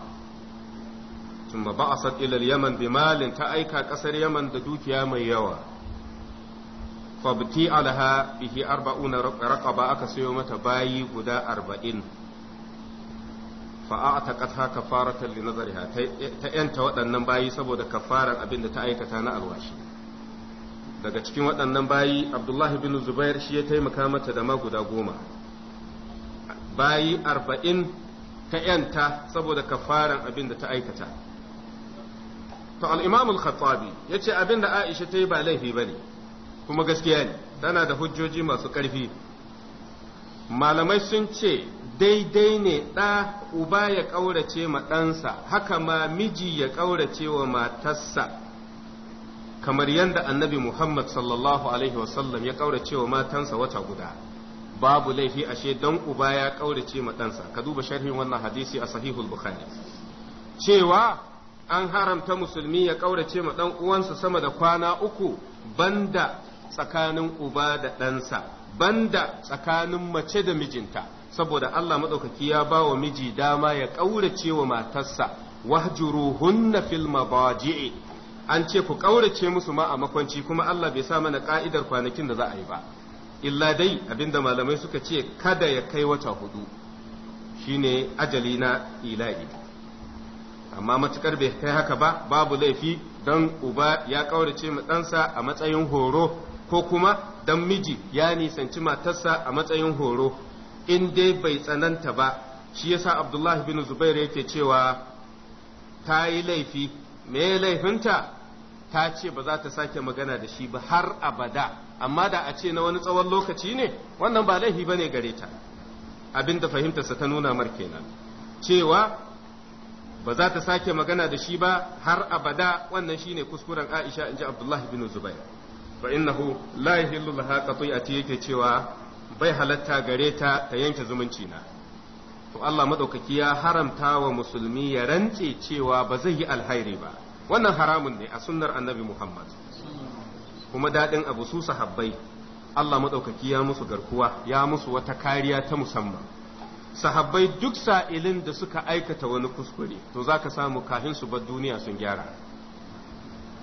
Tun ba ثم بعثت yaman bi malin ta aika ƙasar yaman da dukiya mai yawa. fabti alaha bihi arba'una raqaba aka sayo mata bayi guda arba'in fa'ataqatha kafaratan li nazariha ta yanta waɗannan bayi saboda kafaran abin da ta aikata na alwashi daga cikin waɗannan bayi abdullahi bin zubair shi ya taimaka mata da guda goma bayi arba'in ta yanta saboda kafaran abin da ta aikata to al-imam al-khattabi yace abin da aisha ta yi ba laifi bane kuma gaskiya ne tana da hujjoji masu ƙarfi malamai sun ce daidai ne ɗa uba ya ƙaurace ma ɗansa haka ma miji ya ƙaurace wa matarsa kamar yadda annabi muhammad sallallahu alaihi wasallam ya ƙaurace wa matansa wata guda babu laifi ashe don uba ya ƙaurace ma ɗansa ka duba sharhin wannan hadisi a sahihul bukhari cewa an haramta musulmi ya ƙaurace ma ɗan uwansa sama da kwana uku banda tsakanin uba da ɗansa banda tsakanin mace da mijinta saboda Allah maɗaukaki ya ba wa miji dama ya ƙaurace wa matarsa wahjuruhunna fil mabaji'i an ce ku ƙaurace musu ma a makwanci kuma Allah bai sa mana ka'idar kwanakin da za a yi ba illa dai abinda malamai suka ce kada ya kai wata hudu shine ajali na ila'i amma matukar bai kai haka ba babu laifi don uba ya ƙaurace ma ɗansa a matsayin horo ko kuma dan miji ya nisanci matarsa a matsayin horo in dai bai tsananta ba shi yasa Abdullahi bin Zubair yake cewa ta yi laifi me laifinta ta ce ba za ta sake magana da shi ba har abada amma da a ce na wani tsawon lokaci ne wannan ba laifi bane gare ta abin da fahimtarsa ta nuna mar kenan cewa ba za ta sake magana da shi ba har abada wannan shine kuskuren Aisha inji Abdullah bin Zubair fa innahu la yahillu laha qati'ati yake cewa bai halatta gare ta ta yanke zumunci na to Allah madaukaki ya haramta wa musulmi ya rantse cewa ba zai yi alhairi ba wannan haramun ne a sunnar annabi Muhammad kuma dadin abu su sahabbai Allah madaukaki ya musu garkuwa ya musu wata kariya ta musamman sahabbai duk sa'ilin da suka aikata wani kuskure to zaka samu kafin su bar duniya sun gyara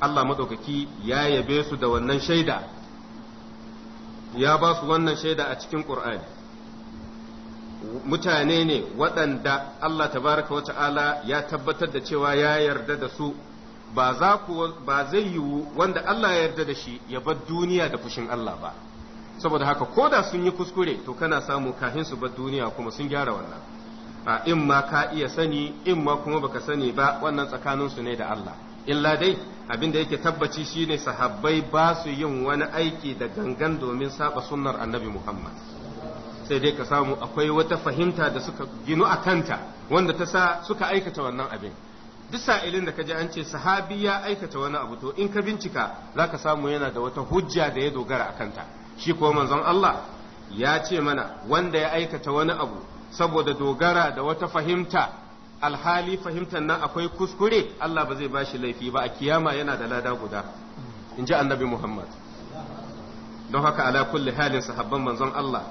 Allah maɗaukaki ya yabe su da wannan shaida ya ba su wannan shaida a cikin ƙur'ani mutane ne waɗanda Allah tabaraka wa ta'ala ya tabbatar da cewa ya yarda da su ba za ku ba zai yiwu wanda Allah ya yarda da shi ya bar duniya da fushin Allah ba saboda haka ko da sun yi kuskure to kana samu kafin su bar duniya kuma sun gyara wannan a in ma ka iya sani in ma kuma baka sani ba wannan tsakaninsu ne da Allah illa dai abin da yake tabbaci shine sahabbai ba su yin wani aiki da gangan domin saba sunnar annabi Muhammad sai dai ka samu akwai wata fahimta da suka ginu a kanta wanda ta sa suka aikata wannan abin duk sa'ilin da ka ji an ce sahabi ya aikata wani abu to in ka bincika za ka samu yana da wata hujja da ya dogara a kanta shi kuwa manzon Allah ya ce mana wanda ya aikata wani abu saboda dogara da wata fahimta alhali fahimtar nan akwai kuskure Allah ba zai ba shi laifi ba a kiyama yana da lada guda in ji annabi Muhammad don haka ala kulli halin sahabban manzon Allah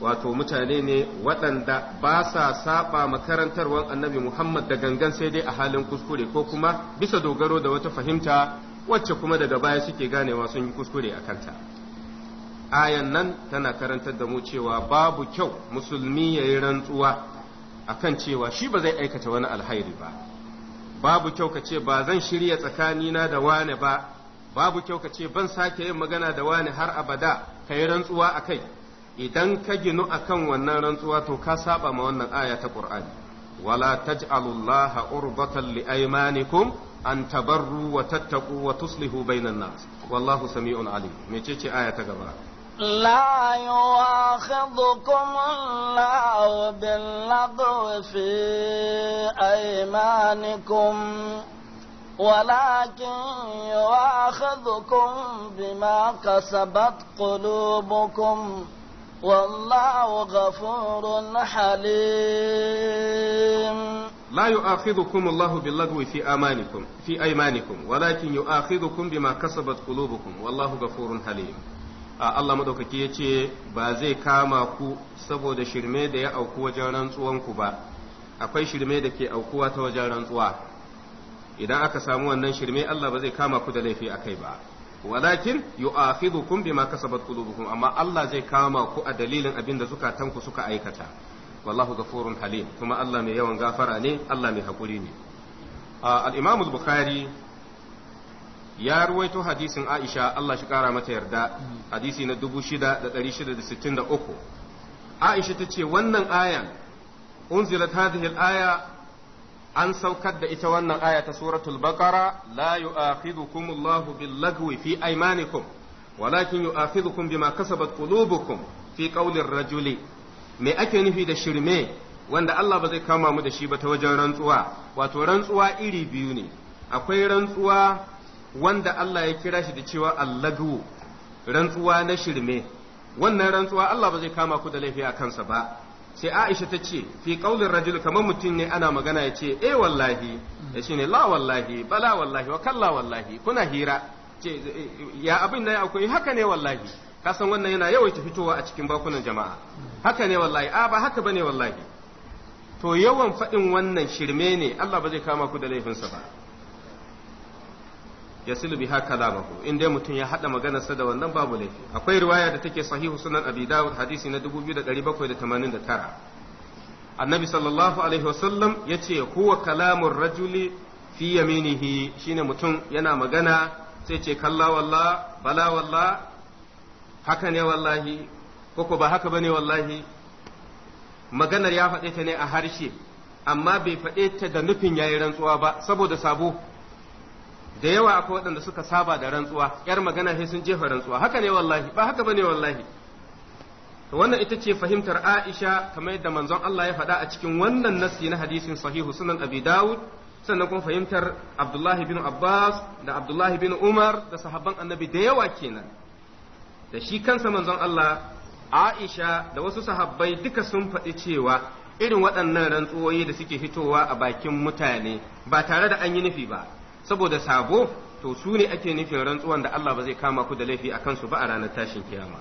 wato mutane ne waɗanda ba sa saba makarantarwar annabi Muhammad da gangan sai dai a halin kuskure ko kuma bisa dogaro da wata fahimta wacce kuma daga baya suke ganewa sun yi kuskure a kanta ayan nan tana karantar da mu cewa babu kyau musulmi ya yi rantsuwa akan cewa shi ba zai aikata wani alhairi ba babu kyau ka ce ba zan shirya tsakanina da wane ba babu kyau ka ce ban sake yin magana da wane har abada ka yi rantsuwa a kai idan ka ginu akan wannan rantsuwa to ka saba ma wannan aya ta qur'ani ولا تجعلوا an tabarru wa tattaqu wa tuslihu bainan nas wallahu sami'un alim mecece aya ta gaba. لا يواخذكم الله باللغو في أيمانكم ولكن يواخذكم بما كسبت قلوبكم والله غفور حليم لا يؤاخذكم الله باللغو في أمانكم في أيمانكم ولكن يؤاخذكم بما كسبت قلوبكم والله غفور حليم Allah madaukaki ya ce ba zai kama ku saboda shirme da ya auku wajen rantsuwanku ba akwai shirme da ke aukuwa ta wajen rantsuwa idan aka samu wannan shirme Allah ba zai kama ku da laifi akai ba walakin yu'akhidukum bima kasabat qulubukum amma Allah zai kama ku a dalilin abin da zukatanku suka aikata wallahu ghafurun halim kuma Allah mai yawan gafara ne Allah mai hakuri ne al-Imam al-Bukhari ya ruwaito hadisin Aisha Allah shi kara mata yarda hadisi na 6663 Aisha ta ce wannan ayan unzilat hadhihi al-aya an saukar da ita wannan aya ta suratul baqara la yu'akhidhukum Allahu bil lagwi fi aymanikum walakin bima kasabat qulubukum fi qawlir rajuli me ake nufi da shirme wanda Allah ba zai kama mu da shi ba ta wajen rantsuwa wato rantsuwa iri biyu ne akwai rantsuwa wanda Allah ya kira shi da cewa allagwo rantsuwa na shirme wannan rantsuwa Allah ba zai kama ku da laifi a kansa ba sai Aisha ta ce fi qaulin rajul kamar mutum ne ana magana ya ce eh wallahi ya shine la wallahi bala wallahi wa kalla wallahi kuna hira ce ya abin da akwai haka ne wallahi kasan wannan yana yawaita fitowa a cikin bakunan jama'a haka ne wallahi a ba haka bane wallahi to yawan faɗin wannan shirme ne Allah ba zai kama ku da laifinsa ba yasilu biha kalamahu in dai mutum ya hada maganarsa da wannan babu laifi akwai riwaya da take sahihu sunan abi dawud hadisi na 2789 annabi sallallahu alaihi wasallam yace huwa kalamur rajuli fi yaminihi shine mutum yana magana sai ce kalla walla bala walla haka ne wallahi koko ba haka bane wallahi maganar ya faɗe ta ne a harshe amma bai faɗe ta da nufin yayi rantsuwa ba saboda sabo da yawa akwai waɗanda suka saba da rantsuwa yar magana sai sun jefa rantsuwa haka ne wallahi ba haka bane wallahi to wannan ita ce fahimtar Aisha kamar yadda manzon Allah ya faɗa a cikin wannan nassi na hadisin sahihu sunan Abi Dawud sannan kuma fahimtar Abdullahi bin Abbas da Abdullahi bin Umar da sahabban Annabi da yawa kenan da shi kansa manzon Allah Aisha da wasu sahabbai duka sun faɗi cewa irin waɗannan rantsuwoyi da suke fitowa a bakin mutane ba tare da an yi nufi ba saboda sabo to su ne ake nufin rantsuwan da Allah ba zai kama ku da laifi a kansu ba a ranar tashin kiyama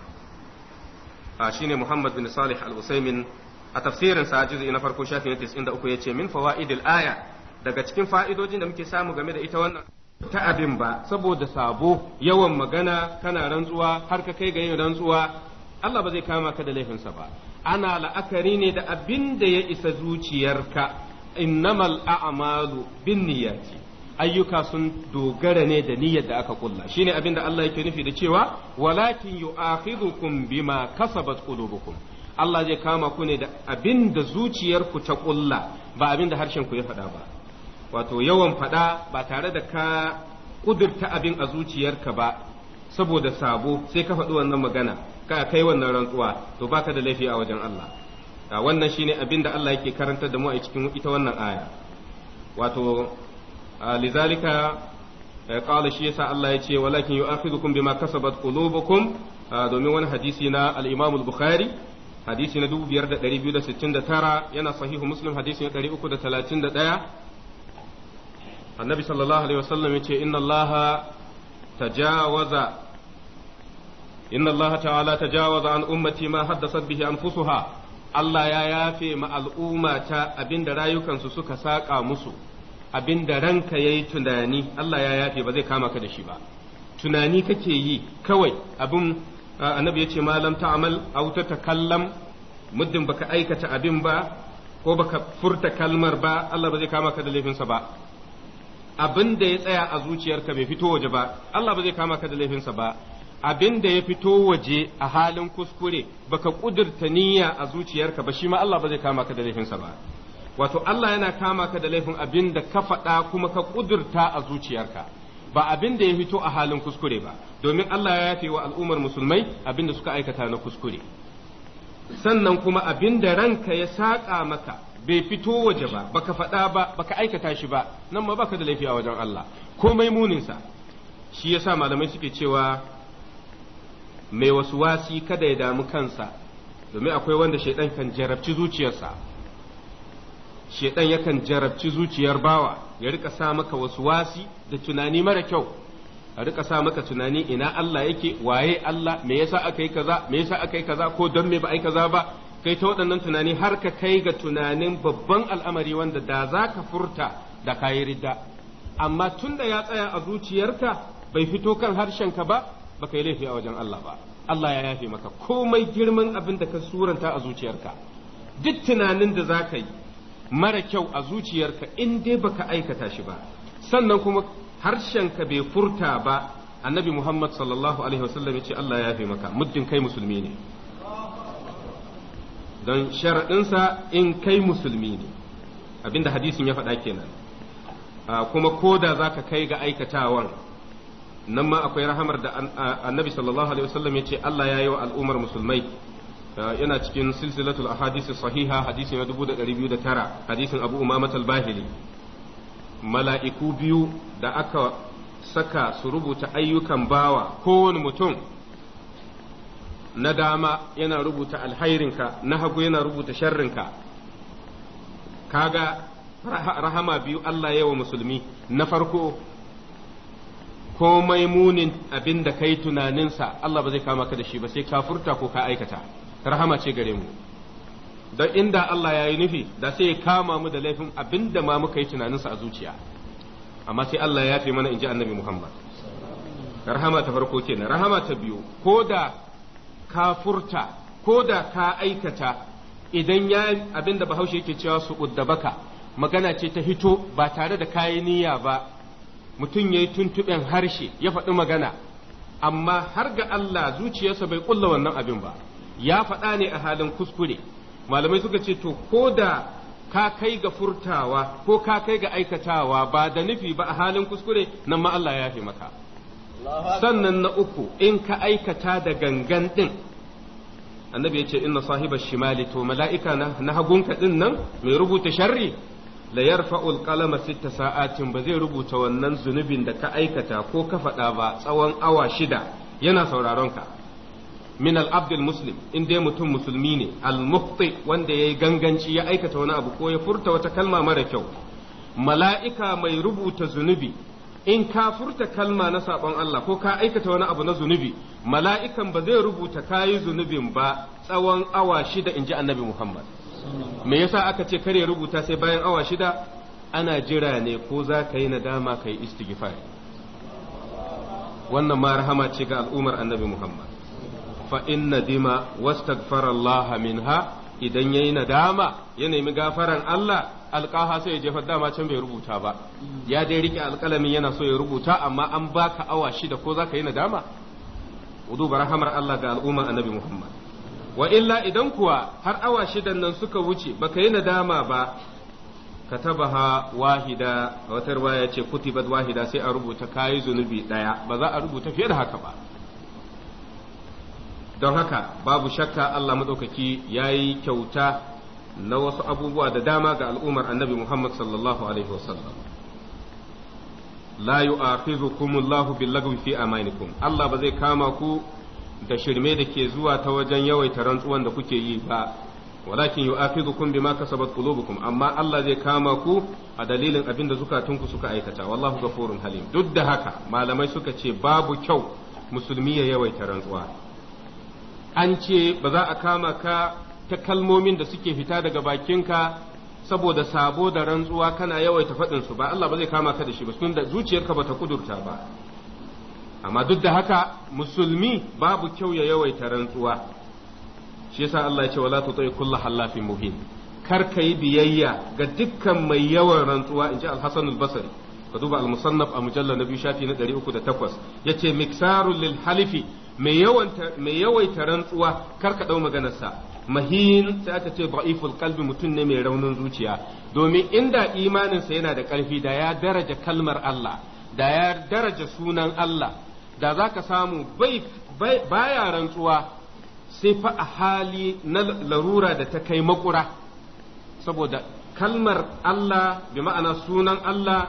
a ne Muhammad bin Salih al-Usaimin a tafsirin sa juz'i na farko shafi na ya ce min fawaidil aya daga cikin fa'idojin da muke samu game da ita wannan ta abin ba saboda sabo yawan magana kana rantsuwa har ka kai ga yin rantsuwa Allah ba zai kama ka da laifinsa ba ana la'akari ne da abin da ya isa zuciyarka innamal a'malu binniyati ayyuka sun dogara ne da niyyar da aka kulla shine abinda Allah yake nufi da cewa walakin yu'akhidhukum bima kasabat qulubukum Allah zai kama ku ne da abin abinda zuciyarku ta kulla ba abin da harshen ku ya faɗa ba wato yawan faɗa ba tare da ka kudurta abin a zuciyarka ba saboda sabo sai ka faɗi wannan magana ka kai wannan rantsuwa to baka da laifi a wajen Allah wannan shine da Allah yake karantar da mu a cikin ita wannan aya wato lizalika qala shi yasa Allah ya ce walakin yu'akhidhukum bima kasabat qulubukum domin wani hadisi na al-Imam bukhari hadisi na 5269 yana sahihu Muslim hadisi na 331 Annabi sallallahu alaihi wasallam yace inna Allah tajawaza inna Allah ta'ala tajawaza an ummati ma haddasat bihi anfusuha Allah ya yafe ma al'umma ta abinda rayukansu suka saƙa musu abin da ranka ya yi tunani Allah ya yafe ba zai kama ka da shi ba tunani kake yi kawai abin annabi ya ce malam amal auta ta kallam muddin baka aikata abin ba ko baka furta kalmar ba Allah ba zai kama ka da laifinsa ba abin da ya tsaya a zuciyarka bai fito waje ba Allah ba zai kama ka da laifinsa ba abin da ya fito waje a halin kuskure baka kudurta niyya a zuciyarka ba shi ma Allah ba zai kama ka da laifinsa ba wato Allah yana kama ka da laifin abin da ka faɗa kuma ka ƙudurta a zuciyarka ba abin da ya fito a halin kuskure ba domin Allah ya yafe wa al'ummar musulmai abin da suka aikata na kuskure sannan kuma abin da ranka ya saƙa maka bai fito waje ba baka faɗa ba baka aikata shi ba nan ma baka da laifi a wajen Allah komai muninsa shi yasa malamai suke cewa mai wasu wasi kada ya damu kansa domin akwai wanda shaidan kan jarabci zuciyarsa shedan yakan jarabci zuciyar bawa ya rika sa maka wasu wasi da tunani mara kyau a rika sa maka tunani ina Allah yake waye Allah me yasa aka yi kaza me yasa aka yi kaza ko don me ba ai kaza ba kai ta waɗannan tunani har ka kai ga tunanin babban al'amari wanda da za ka furta da kayi ridda amma tunda ya tsaya a zuciyarka bai fito kan harshen ka ba baka yi laifi a wajen Allah ba Allah ya yafe maka komai girman abin da ka suranta a zuciyarka duk tunanin da za ka yi mara kyau a zuciyarka in dai baka aikata shi ba sannan kuma harshenka bai furta ba annabi Muhammad sallallahu alaihi wasallam yace Allah ya yafe maka muddin kai musulmi ne don sharaɗinsa in kai musulmi ne abinda hadisin ya faɗa kenan ah, kuma ko da za ka kai ga aikatawan nan ma akwai rahamar da ah, annabi sallallahu alaihi wasallam ya ce Allah ya yi wa al'ummar musulmai yana cikin silsilatul ahadisi sahiha hadisi na dubu da biyu tara hadisin abu umama talbahili mala'iku biyu da aka saka su rubuta ayyukan bawa kowane mutum na dama yana rubuta alhairinka na hagu yana rubuta sharrinka kaga rahama biyu Allah wa musulmi na farko mai munin abin da kai tunaninsa Allah ba zai kama ka da shi ba sai ka furta ko ka aikata rahama ce gare mu don inda Allah ya yi nufi da sai ya kama mu da laifin abinda ma muka yi tunaninsa a zuciya amma sai Allah ya fi mana in ji annabi Muhammad rahama ta farko kenan rahama ta biyu ko da ka furta ko da ka aikata idan ya abinda bahaushe yake cewa su baka magana ce ta hito ba tare da kayi niyya ba mutum ya yi tuntuɓen harshe ya faɗi magana amma har ga Allah zuciyarsa bai ƙulla wannan abin ba ya faɗa ne a halin kuskure malamai suka ce to ko da ka kai ga furtawa ko ka kai ga aikatawa ba da nufi ba a halin kuskure nan ma Allah ya fi maka sannan na uku in ka aikata da gangan din annabi ya ce inna sahiba shimali to mala'ika na hagunka din nan mai rubuta sharri la yarfa'ul qalama sitta sa'atin ba zai rubuta wannan zunubin da ka aikata ko ka faɗa ba tsawon awa shida yana sauraron ka min al muslim in dai mutum musulmi ne al-mukhti wanda yi ganganci ya aikata wani abu ko ya furta wata kalma mara kyau mala'ika mai rubuta zunubi in ka furta kalma na sabon Allah ko ka aikata wani abu na zunubi mala'ikan ba zai rubuta kayi zunubin ba tsawon awa shida in ji annabi Muhammad me yasa aka ce kar ya rubuta sai bayan awa shida ana jira ne ko za ka yi nadama ka yi istighfar wannan ma rahama ce ga al'ummar annabi Muhammad fa in nadima wastagfara Allah minha idan yayi nadama ya nemi gafaran Allah alƙaha sai ya jefa dama can bai rubuta ba ya dai rike alƙalamin yana so ya rubuta amma an baka awa shida ko zaka yi nadama duba rahmar Allah ga al'umma annabi Muhammad wa illa idan kuwa har awa shidan nan suka wuce baka yi nadama ba ha wahida wata ya ce kutibat wahida sai a rubuta kayi zunubi ɗaya ba za a rubuta fiye da haka ba don haka babu shakka Allah maɗaukaki ya yi kyauta na wasu abubuwa da dama ga al'ummar annabi Muhammad sallallahu Alaihi wasallam. La yu'akhidhukum Allahu fi amanikum Allah ba zai kama ku da shirme da ke zuwa ta wajen yawaita rantsuwan da kuke yi ba walakin yu'akhidhukum bima kasabat qulubukum amma Allah zai kama ku a dalilin abin da zukatunku suka aikata wallahu ghafurun halim duk da haka malamai suka ce babu kyau musulmi ya yawaita rantsuwa an ce ba za a kama ka ta kalmomin da suke fita daga bakinka saboda sabo da rantsuwa kana yawaita faɗin su ba Allah ba zai kama ka da shi ba tunda zuciyarka bata kudurta ba amma duk da haka musulmi babu kyau ya yawaita rantsuwa shi yasa Allah ya ce wala tuti kullu halafin muhin kar ka yi biyayya ga dukkan mai yawan rantsuwa in ji al-Hasan al-Basri ka duba al-Musannaf a mujallal na biyu shafi na 308 yace miksarul lil halifi mai yawaita rantsuwa kar ka ɗau maganarsa mahin sai aka ce ba'iful kalbi mutum ne mai raunin zuciya domin inda imaninsa yana da ƙarfi da ya daraja kalmar Allah da ya daraja sunan Allah da za ka samu baya rantsuwa sai fa a hali na larura da ta kai makura saboda kalmar Allah bi ma'ana sunan Allah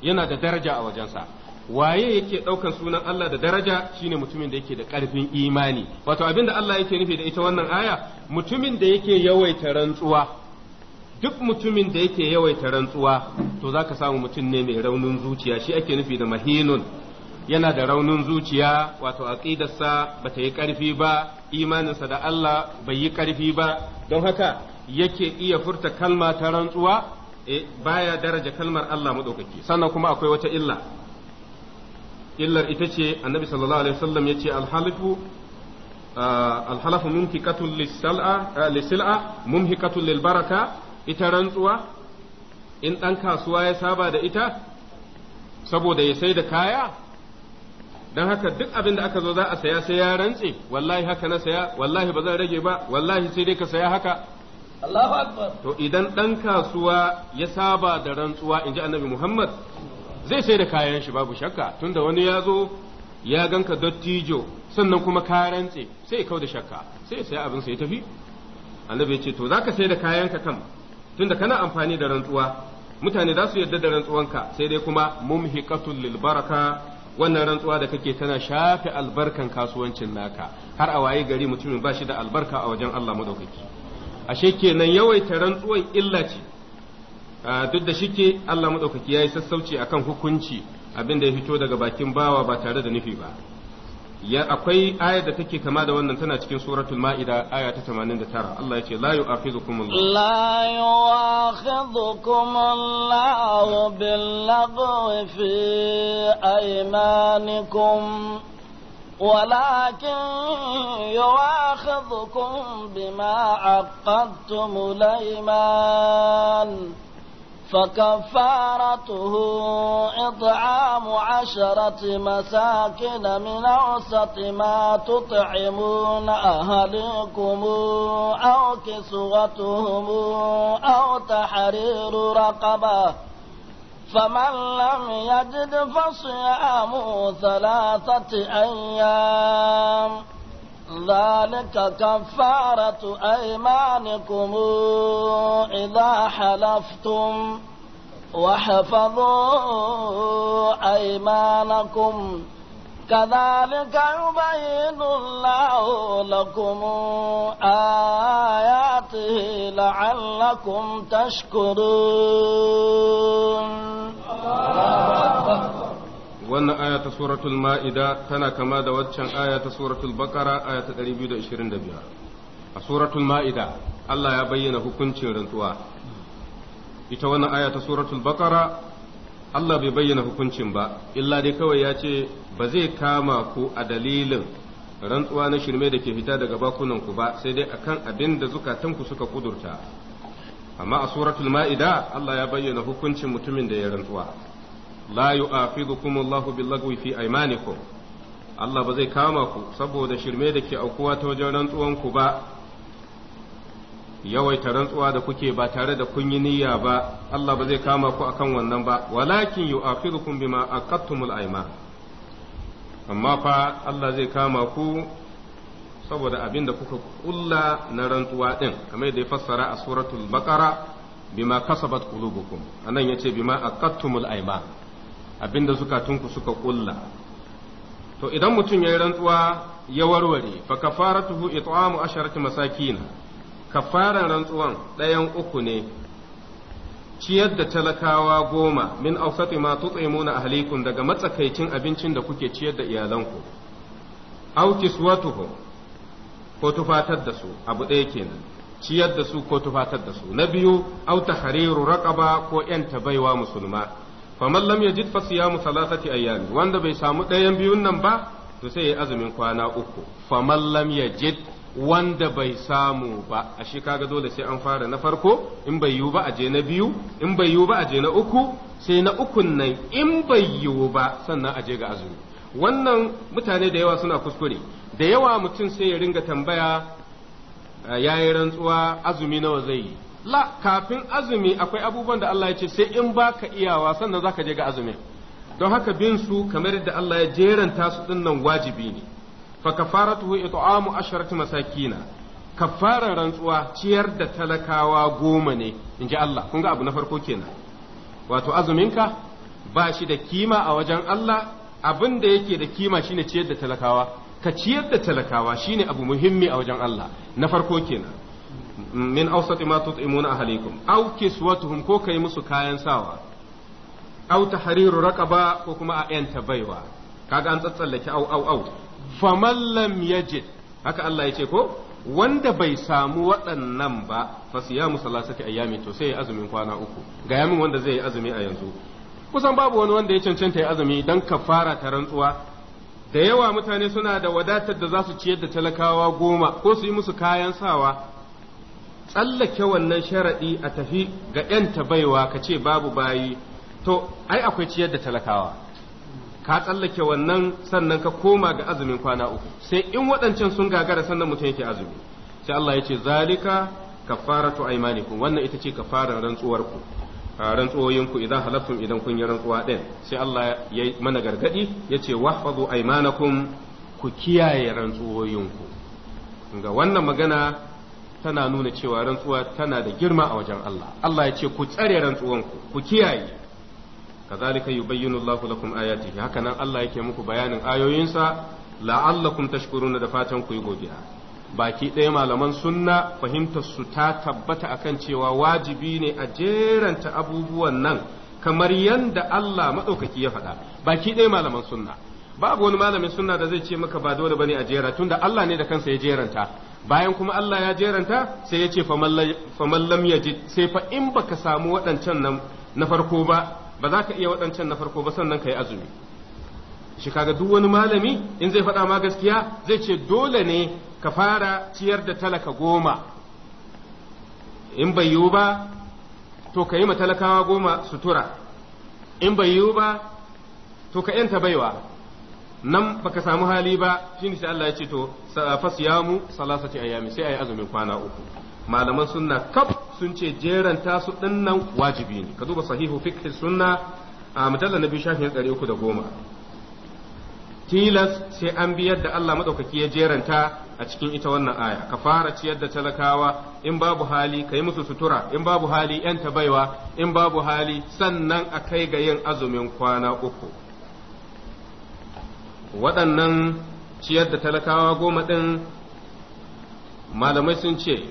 yana da daraja a wajensa waye yake ɗaukan sunan Allah da daraja shine mutumin da yake da ƙarfin imani wato abinda Allah yake nufi da ita wannan aya mutumin da yake yawaita rantsuwa duk mutumin da yake yawaita rantsuwa to zaka samu mutum ne mai raunin zuciya shi ake nufi da mahinun yana da raunin zuciya wato aqidarsa bata yi ƙarfi ba imaninsa da Allah bai yi ƙarfi ba don haka yake iya furta kalma ta rantsuwa eh, baya daraja kalmar Allah madaukaki sannan kuma akwai wata illa illar ita ce annabi sallallahu alaihi wasallam ya ce alhalifu alhalafu mumhikatun lisil'a mumhikatun lilbaraka ita rantsuwa in ɗan kasuwa ya saba da ita saboda ya sai da kaya don haka duk abin da aka zo za a saya sai ya rantse wallahi haka na saya wallahi ba zan rage ba wallahi sai dai ka saya haka Allahu akbar to idan ɗan kasuwa ya saba da rantsuwa inji annabi Muhammad zai sai da kayan shi babu shakka tunda wani ya zo ya ganka dattijo sannan kuma ka rantse sai kau da shakka sai sai abin sai tafi annabi ya ce to zaka sai da kayan ka kan tunda kana amfani da rantsuwa mutane za su yarda da rantsuwanka sai dai kuma mumhiqatul lil baraka wannan rantsuwa da kake tana shafe albarkan kasuwancin naka har a waye gari mutumin ba shi da albarka a wajen Allah madaukaki ashe kenan yawaita rantsuwan illa ce duk da shi ke Allah madaukaki yayi sassauci akan hukunci abin da ya fito daga bakin bawa ba tare da nufi ba ya akwai ayar da take kama da wannan tana cikin suratul ma'ida aya ta 89 Allah yace la yu'akhidhukum Allah la yu'akhidhukum Allah bil fi aymanikum ولكن يواخذكم بما عقدتم الايمان فكفارته إطعام عشرة مساكن من أوسط ما تطعمون أهلكم أو كسوتهم أو تحرير رقبة فمن لم يجد فصيام ثلاثة أيام ذلك كفارة أيمانكم إذا حلفتم واحفظوا أيمانكم كذلك يبين الله لكم آياته لعلكم تشكرون wannan aya ta suratul ma'ida tana kama da waccan aya ta suratul bakara aya ta 225 a suratul ma'ida Allah ya bayyana hukuncin rantsuwa ita wannan aya ta suratul bakara Allah bai bayyana hukuncin ba illa dai kawai ya ce ba zai kama ku a dalilin rantsuwa na shirme da ke fita daga bakunan ku ba sai dai akan abin da zukatanku suka kudurta amma a suratul ma'ida Allah ya bayyana hukuncin mutumin da ya rantsuwa la yu'akhidhukum Allahu billaghwi fi aymanikum Allah ba zai kama ku saboda shirme da ke aukuwa ta wajen rantsuwan ba yawaita rantsuwa da kuke ba tare da kun yi niyya ba Allah ba zai kama ku akan wannan ba walakin yu'akhidhukum bima aqattumul ayman amma fa Allah zai kama ku saboda abin da kuka kulla na rantsuwa ɗin kamar da ya fassara a suratul baqara bima kasabat qulubukum anan yace bima aqattumul ayman abinda suka tunku suka kulla to idan mutum ya yi rantsuwa ya warware fa kafaratuhu it'amu asharati masakina kafaran rantsuwan ɗayan uku ne ciyar da talakawa goma min awsati ma tut'imuna ahlikum daga matsakaicin abincin da kuke ciyar da iyalanku aw kiswatuhu ko tufatar da su abu ɗaya kenan ciyar da su ko tufatar da su na biyu aw tahriru raqaba ko yan baiwa musulma faman lam yajid fa siyamu salasati ayyam wanda bai samu ɗayan biyun nan ba to sai ya azumin kwana uku faman lam yajid wanda bai samu ba a shi kaga dole sai an fara na farko in bai yiwu ba a je na biyu in bai yiwu ba a je na uku sai na ukun nan in bai yiwu ba sannan a ga azumi wannan mutane da yawa suna kuskure da yawa mutum sai ya ringa tambaya ah, yayi rantsuwa azumi nawa zai yi la kafin azumi akwai abubuwan da Allah ya ce sai in baka iyawa sannan ka je ga azumi don haka bin su kamar yadda Allah ya jeranta su dinnan wajibi ne fa kafaratuhu it'amu asharati masakina kafara rantsuwa ciyar da talakawa goma ne in ji Allah kun ga abu na farko kenan wato azuminka ba shi da kima a wajen Allah abin da yake da kima shine ciyar da talakawa ka ciyar da talakawa shine abu muhimmi a wajen Allah na farko kenan min awsati ma tut'imuna ahlikum aw kiswatuhum ko kai musu kayan sawa aw tahriru raqaba ko kuma a yanta baiwa kaga an tsatsallake au au au faman lam yajid haka Allah ya ce ko wanda bai samu waɗannan ba fa siyamu salasati ayami to sai azumin kwana uku ga yamin wanda zai yi azumi a yanzu kusan babu wani wanda ya cancanta ya azumi dan kafara ta rantsuwa da yawa mutane suna da wadatar da za su ciyar da talakawa goma ko su yi musu kayan sawa tsallake wannan sharaɗi a tafi ga ‘yanta baiwa ka ce babu bayi to ai akwai ciyar da talakawa ka tsallake wannan sannan ka koma ga azumin kwana uku sai in waɗancan sun gagara sannan mutum yake azumi sai Allah ya ce zalika kafaratu aymanikum wannan ita ce fara rantsuwarku rantsuwoyinku idan halaftum idan kun yi rantsuwa ɗin sai Allah ya mana gargadi ya ce wahfazu aymanakum ku kiyaye rantsuwoyinku ga wannan magana tana nuna cewa rantsuwa tana da girma a wajen Allah Allah ya ce ku tsare rantsuwanku ku kiyaye kazalika yubayyinu Allahu lakum ayatihi hakanan Allah yake muku bayanin ayoyinsa la'allakum tashkuruna da fatan ku yi godiya baki ɗaya malaman sunna fahimtar su ta tabbata akan cewa wajibi ne a jeranta abubuwan nan kamar yanda Allah madaukaki ya faɗa baki ɗaya malaman sunna babu wani malamin sunna da zai ce maka ba dole bane a jera tunda Allah ne da kansa ya jeranta bayan kuma Allah ya jeranta sai ya ce faman lam yajid sai fa in baka samu waɗancan na farko ba ba za ka iya waɗancan na farko ba sannan ka yi azumi shi kaga duk wani malami in zai faɗa ma gaskiya zai ce dole ne ka fara ciyar da talaka goma in bai yiwu ba to ka yi ma talakawa goma sutura in bai yiwu ba to ka yanta baiwa nan baka samu hali ba shine sai Allah ya ce to fasiyamu salasati ayami sai ayi azumin kwana uku malaman sunna kaf sun ce jeran su dinnan wajibi ne ka duba sahihu fiqh sunna a mutalla nabi shafin goma. tilas sai an biyar da Allah madaukaki ya jeranta a cikin ita wannan aya ka fara ciyar da talakawa in babu hali ka yi musu sutura in babu hali yan baiwa in babu hali sannan a kai ga yin azumin kwana uku waɗannan ciyar da talakawa goma ɗin malamai sun ce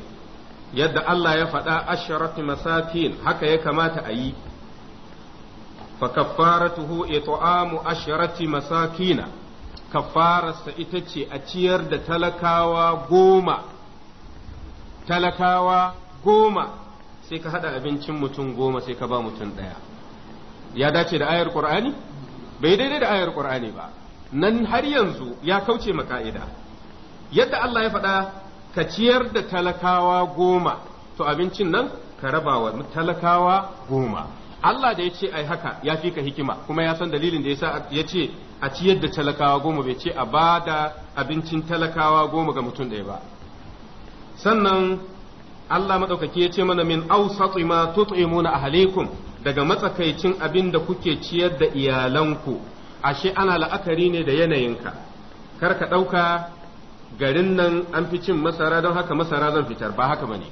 yadda Allah ya faɗa asharafi masafin haka ya kamata a yi fakaffaratuhu it'amu asharati masakina kaffararsa ita ce a ciyar da talakawa goma talakawa goma sai ka haɗa abincin mutum goma sai ka ba mutum ɗaya ya dace da ayar ƙur'ani bai daidai da ayar ƙur'ani ba nan har yanzu ya kauce ma ka'ida yadda Allah ya faɗa ka ciyar da talakawa goma to abincin nan ka raba wa talakawa goma Allah da ya ce ai haka ya fi ka hikima kuma ya san dalilin da yasa ya ce a ciyar da talakawa goma bai ce a ba da abincin talakawa goma ga mutum ɗaya ba sannan Allah maɗaukaki ya ce mana min awsati ma tut'imuna ahlikum daga matsakaicin abin da kuke ciyar da iyalanku ashe ana la'akari ne da yanayinka kar ka ɗauka garin nan an fi cin masara don haka masara zan fitar ba haka ba ne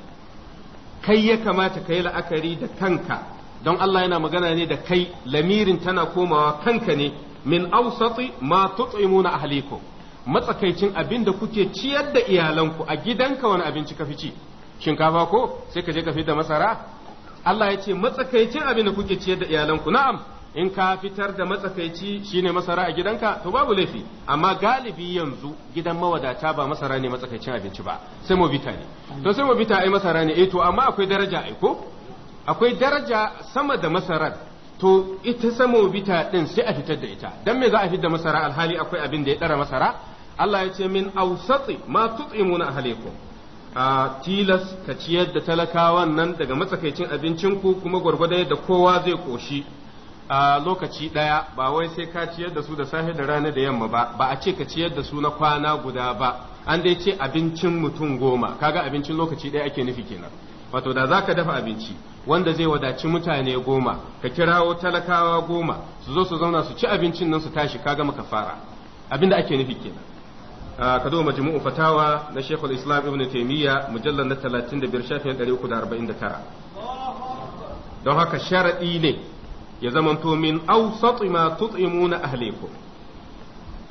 kai ya kamata ka yi la'akari da kanka don Allah yana magana ne da kai lamirin tana komawa kanka ne min ausati ma a ahlikum matsakaicin abin da kuke ciyar da iyalanku a gidanka wani abinci ka fi ci shinkafa ko sai ka je ka fi da masara Allah ya ce matsakaicin abin da kuke ciyar da iyalanku na'am in ka fitar da matsakaici shine masara a gidanka to babu laifi amma galibi yanzu gidan mawadata ba masara ne matsakaicin abinci ba sai mobita ne to sai mobita ai masara ne eh to amma akwai daraja ai ko akwai daraja sama da masarar to ita samo bita din sai a fitar da ita dan me za a fitar da masara alhali akwai abin da ya dara masara Allah ya ce min awsati ma tut'imuna ahlikum a tilas ka ciyar da talakawan nan daga matsakaicin abincinku kuma gwargwado da kowa zai koshi a lokaci ɗaya ba wai sai ka ciyar da su da safe da rana da yamma ba ba a ce ka ciyar da su na kwana guda ba an dai ce abincin mutum goma kaga abincin lokaci ɗaya ake nufi kenan wato da za ka dafa abinci wanda zai wadaci mutane goma ka kirawo talakawa goma su zo su zauna su ci abincin nan su tashi kaga maka fara abin da ake nufi kenan ka zo majmu'u fatawa na Sheikhul Islam Ibn Taymiyyah mujallal na 35 shafin 349 don haka sharadi ne ya zamanto min awsati ma tut'imuna ahlikum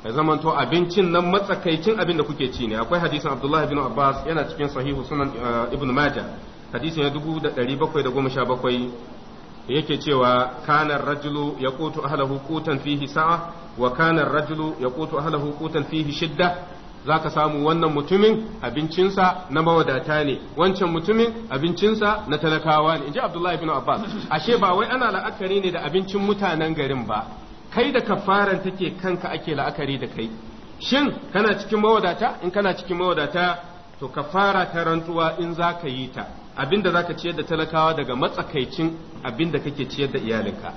ya zamanto abincin nan matsakaicin abin da kuke ci ne akwai hadisin Abdullah ibn Abbas yana cikin sahihu sunan eh, Ibn Majah hadisi na 1717 yake cewa kana rajulu yaqutu ahlahu qutan fihi sa'a wa kana rajulu yaqutu ahlahu qutan fihi shidda za ka samu wannan mutumin abincinsa na mawadata ne wancan mutumin abincinsa na talakawa ne in ji abdullahi bin abbas ashe ba wai ana la'akari ne da abincin mutanen garin ba kai da kafaran take kanka ake la'akari da kai shin kana cikin mawadata in kana cikin mawadata to kafara ta rantsuwa in za ka yi ta abinda za ka ciyar da talakawa daga matsakaicin abinda kake ciyar da iyalinka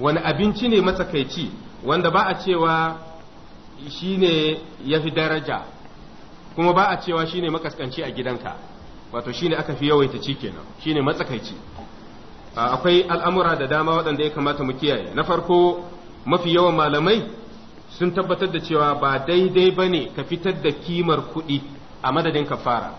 wani abinci ne matsakaici wanda ba a cewa shine ya fi daraja kuma ba a cewa shine makaskanci a gidanka wato shine aka fi yawaita ci kenan shine matsakaici akwai al'amura da dama waɗanda ya kamata mu kiyaye na farko mafi yawan malamai sun tabbatar da cewa ba daidai ba ne ka fitar da kimar kuɗi a madadin kafara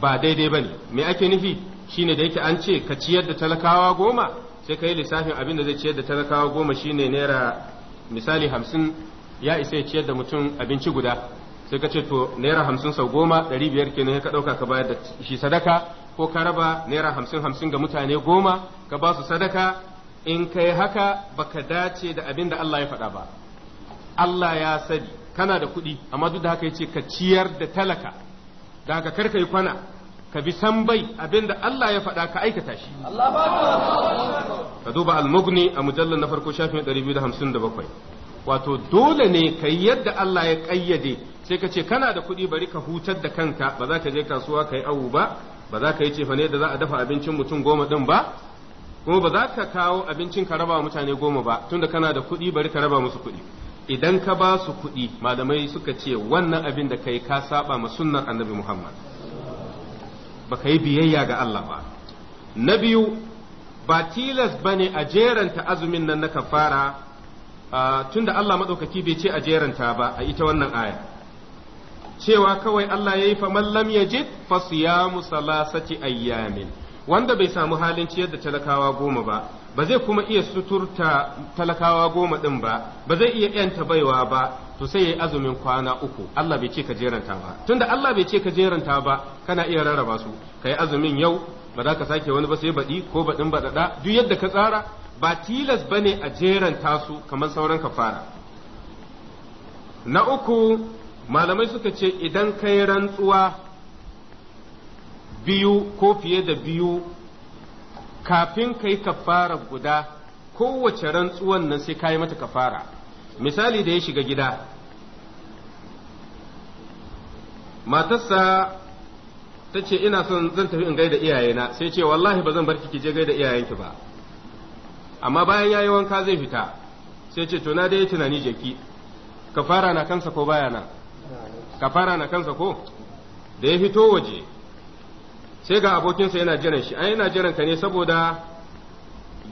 ba daidai ba ne me ake nufi shine da yake an ce ka ciyar da talakawa goma sai ka yi lissafin abin da zai ciyar da talakawa goma shine naira misali hamsin ya isa ya ciyar da mutum abinci guda sai ka ce to naira hamsin sau goma ɗari biyar kenan ka ɗauka ka bayar da shi sadaka ko ka raba naira hamsin hamsin ga mutane goma ka ba su sadaka in ka yi haka baka dace da abin da Allah ya faɗa ba Allah ya sani kana da kuɗi amma duk da haka ya ce ka ciyar da talaka da haka kar ka yi kwana ka bi san bai abin da Allah ya faɗa ka aikata shi ka duba al-mughni a mujallar na farko shafin 257 wato dole ne ka yi yadda Allah ya ƙayyade sai ka ce kana da kuɗi bari ka hutar da kanka ba za ka je kasuwa ka yi awu ba ba za ka yi ne da za a dafa abincin mutum goma ɗin ba kuma ba za ka kawo abincin ka raba mutane goma ba tunda kana da kuɗi bari ka raba musu kuɗi idan ka ba su kuɗi malamai suka ce wannan abin da kai ka saba ma sunnar annabi Muhammad ba ka yi biyayya ga Allah ba na biyu ba tilas bane a jeranta azumin nan na kafara Ah, Tun da Allah maɗaukaki bai ce a jeranta ba a ita wannan aya cewa kawai Allah yi fa man lam yajid fa siyamu salasati ayyamin wanda bai samu halin ciyar da talakawa goma ba ba zai kuma iya suturta talakawa goma ɗin ba ba zai iya yanta baiwa ba to sai ya yi azumin kwana uku Allah bai ce ka jeranta ba Tun da Allah bai ce ka jeranta ba kana iya rarraba su ka yi azumin yau ba za ka sake wani ba sai baɗi ko baɗin baɗaɗa duk yadda ka tsara ba tilas ba ne a jeran tasu kamar sauran kafara na uku malamai suka ce idan kai rantsuwa biyu ko fiye da biyu kafin kai kafara guda kowace rantsuwan nan sai kayi mata kafara misali da ya shiga gida matarsa ta ce ina son zan tafi in gaida iyayena sai ce wallahi ba zan bar ki je gaida iyayenki ba amma bayan ya yi wanka zai fita sai ce to na dai tunani jeki kafara na kansa ko baya na kafara na kansa ko da ya fito waje sai ga abokinsa yana jiran shi ai yana jiran ka ne saboda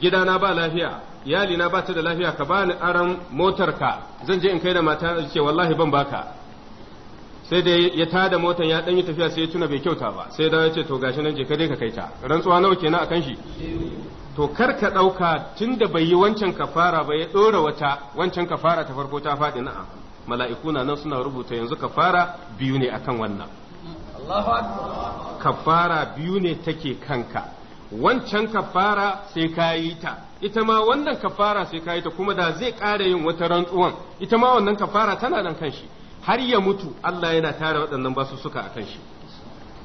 gidana ba lafiya iyalina ba ta da lafiya ka bani aran motarka zan je in kai da mata ce wallahi ban baka sai da ya tada motar ya dan yi tafiya sai ya tuna bai kyauta ba sai da ya ce to gashi nan je ka dai ka kai ta rantsuwa nawa kenan akan shi to kar ka ɗauka tunda bai yi wancan kafara ba ya ɗora wata wancan kafara ta farko ta faɗi na'a mala'iku na nan suna rubuta yanzu kafara biyu ne akan wannan kafara biyu ne take kanka wancan kafara sai ka yi ta ita ma wannan kafara sai ka yi ta kuma da zai ƙara yin wata rantsuwan ita ma wannan kafara tana dan kanshi har ya mutu Allah yana tara waɗannan basusuka a kan shi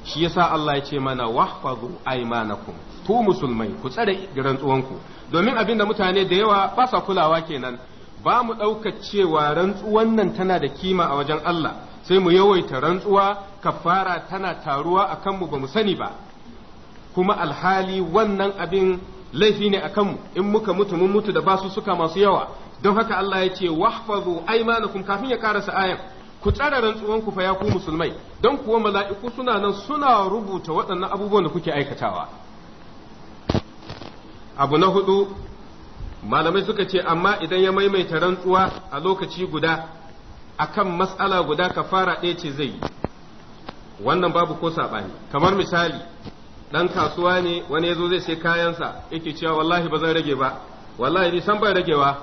shi yasa Allah ya ce mana wahfazu aymanakum ku musulmai ku tsare rantsuwanku domin abin da mutane da yawa ba sa kulawa kenan ba mu ɗaukar cewa rantsuwan nan tana da kima a wajen Allah sai mu yawaita rantsuwa kafara tana taruwa a kanmu ba mu sani ba kuma alhali wannan abin laifi ne a kanmu in muka mutu mun mutu da basu suka masu yawa don haka Allah ya ce wahfazu aymanakum kafin ya karasa ayan ku tsara rantsuwanku fa ya ku musulmai don kuwa mala'iku suna nan suna rubuta waɗannan abubuwan da kuke aikatawa abu na hudu malamai suka ce amma idan ya maimaita rantsuwa a lokaci guda akan matsala guda ka fara ɗaya ce zai yi wannan babu ko saɓani kamar misali ɗan kasuwa ne wani ya zo zai sai kayansa yake cewa wallahi ba zan rage ba wallahi ni san ban ragewa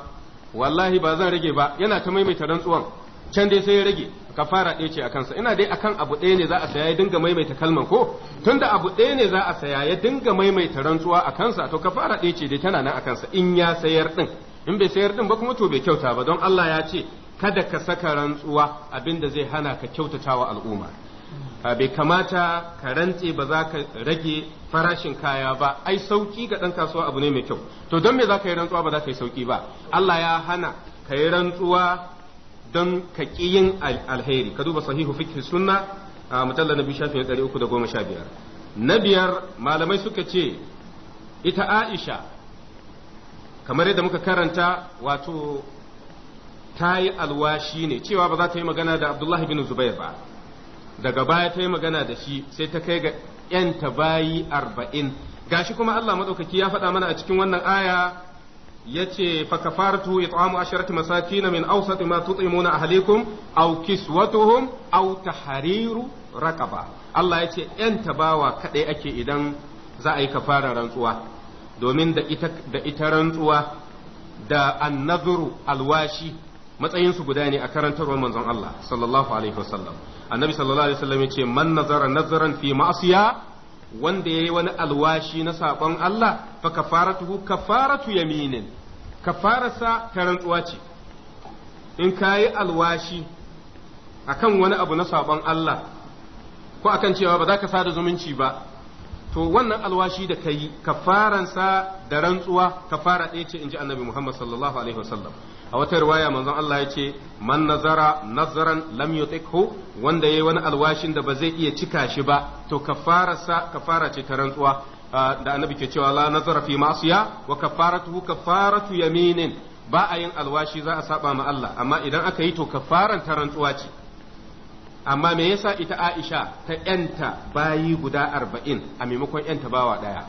wallahi ba zan rage ba yana ta maimaita rantsuwan can dai sai ya rage kafara ɗaya ce a kansa ina dai akan abu ɗaya ne za a saya ya dinga maimaita kalman ko tunda abu ɗaya ne za a saya ya dinga maimaita rantsuwa a kansa to kafara ɗaya ce dai tana nan a kansa in ya sayar ɗin. in bai sayar ɗin ba kuma to bai kyauta ba don Allah ya ce kada ka saka rantsuwa abinda zai hana ka kyautatawa al'umma bai kamata ka rantse ba za ka rage farashin kaya ba ai sauki ga ɗan kasuwa abu ne mai kyau to don me za ka yi rantsuwa ba za ka yi sauki ba Allah ya hana ka yi rantsuwa don ka yin alheri ka duba sahihu fiqh sunna a mujallal na biyu shafi na biyar na biyar malamai suka ce ita aisha kamar yadda muka karanta wato ta yi alwashi ne cewa ba za ta yi magana da abdullahi bin zubair ba daga baya ta yi magana da shi sai ta kai ga 'yanta bayi arba'in gashi kuma allah maɗaukaki ya faɗa mana a cikin wannan aya yace fa kafaratu it'amu asharati masakin min awsat ma tut'imuna ahlikum aw kiswatuhum aw tahriru raqaba Allah yace yan tabawa kadai ake idan za a yi kafarar rantsuwa domin da ita da ita rantsuwa da annazuru alwashi matsayin su guda ne a karantarwar manzon Allah sallallahu alaihi wasallam annabi sallallahu alaihi wasallam yace man nazara nazaran fi ma'siya wanda ya yi wani alwashi na sakon Allah fa kafaratuhu kafaratu yaminin kafarasa ta rantsuwa ce in ka yi alwashi akan wani abu na sakon Allah ko akan cewa ba za ka sada zumunci ba to wannan alwashi da ka yi kafaransa da rantsuwa kafara ɗaya ce in ji annabi Muhammad sallallahu alaihi wasallam a wata riwaya manzon Allah ya ce man nazara nazaran lam yutiqhu wanda yayi wani alwashin da ba zai iya cika shi ba to kafarasa kafara ce ta rantsuwa da annabi ke cewa la nazara fi ma'siya wa kafaratuhu kafaratu yaminin ba a yin alwashi za a saba ma Allah amma idan aka yi to kafaran ta rantsuwa ce amma me yasa ita Aisha ta yanta bayi guda arba'in a maimakon yanta bawa daya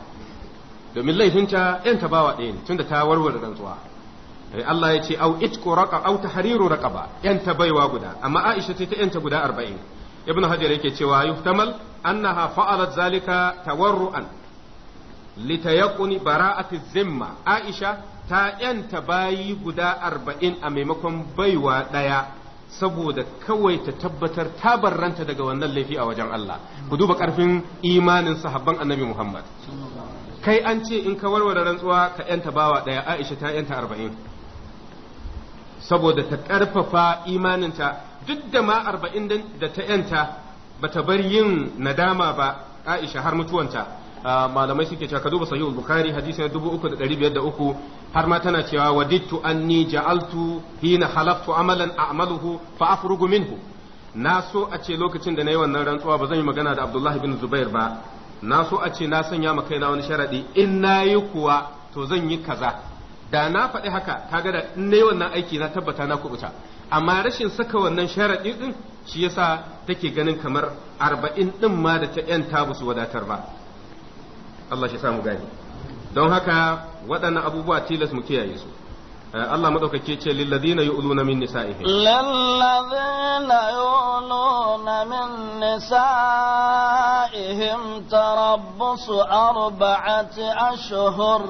domin laifinta yanta bawa ɗaya ne tunda ta warware rantsuwa Allah ya ce au itku raqa au tahriru raqaba yanta baiwa guda amma Aisha ce ta yanta guda 40 Ibn Hajar yake cewa yuhtamal annaha fa'alat zalika tawarruan litayaquni bara'ati zimma Aisha ta yanta bayi guda 40 a maimakon baiwa daya saboda kawai ta tabbatar ta barranta daga wannan laifi a wajen Allah ku duba karfin imanin sahabban Annabi Muhammad kai an ce in ka warware rantsuwa ka yanta bawa daya Aisha ta yanta arba'in saboda ta ƙarfafa imaninta duk da ma arba'in da ta yanta bata bar yin nadama ba Aisha har mutuwanta ah, malamai suke cewa ka duba sahih bukhari hadisi na 3503 har ma tana cewa wadittu anni ja'altu hina halaftu amalan a'maluhu fa afrugu minhu na so a ce lokacin da na yi wannan rantsuwa ba zan yi magana da Abdullahi bin Zubair ba na so a ce na sanya ma kaina wani sharadi in nayi kuwa to zan yi kaza da na faɗi haka kaga da in nayi wannan aiki na tabbata na kubuta amma rashin saka wannan sharaɗi ɗin shi yasa take ganin kamar arba'in din ma da ta yan ba su wadatar ba Allah shi samu gani don haka waɗannan abubuwa tilas mu kiyaye su eh, Allah madaukake ce lilladina yu'luna min nisa'ihim lilladina yu'luna min nisa'ihim tarabbusu arba'ati ashhur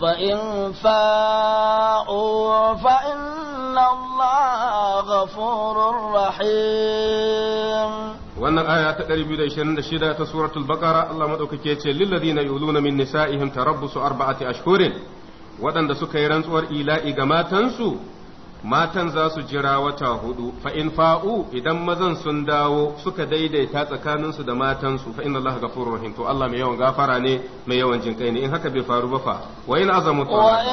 فإن فاءوا فإن الله غفور رحيم wannan aya ta 226 ta suratul baqara Allah madaukake ce lillazina yuluna min nisa'ihim tarabbusu arba'ati ashhurin waɗanda suka yi rantsuwar ila'i ga matansu matan za su jira wata hudu fa in fa'u idan mazan sun dawo suka daidaita tsakaninsu da matansu fa inna Allah ghafurur rahim to Allah mai yawan gafara ne mai yawan jin kai ne in haka bai faru ba fa wa in azamu talaqa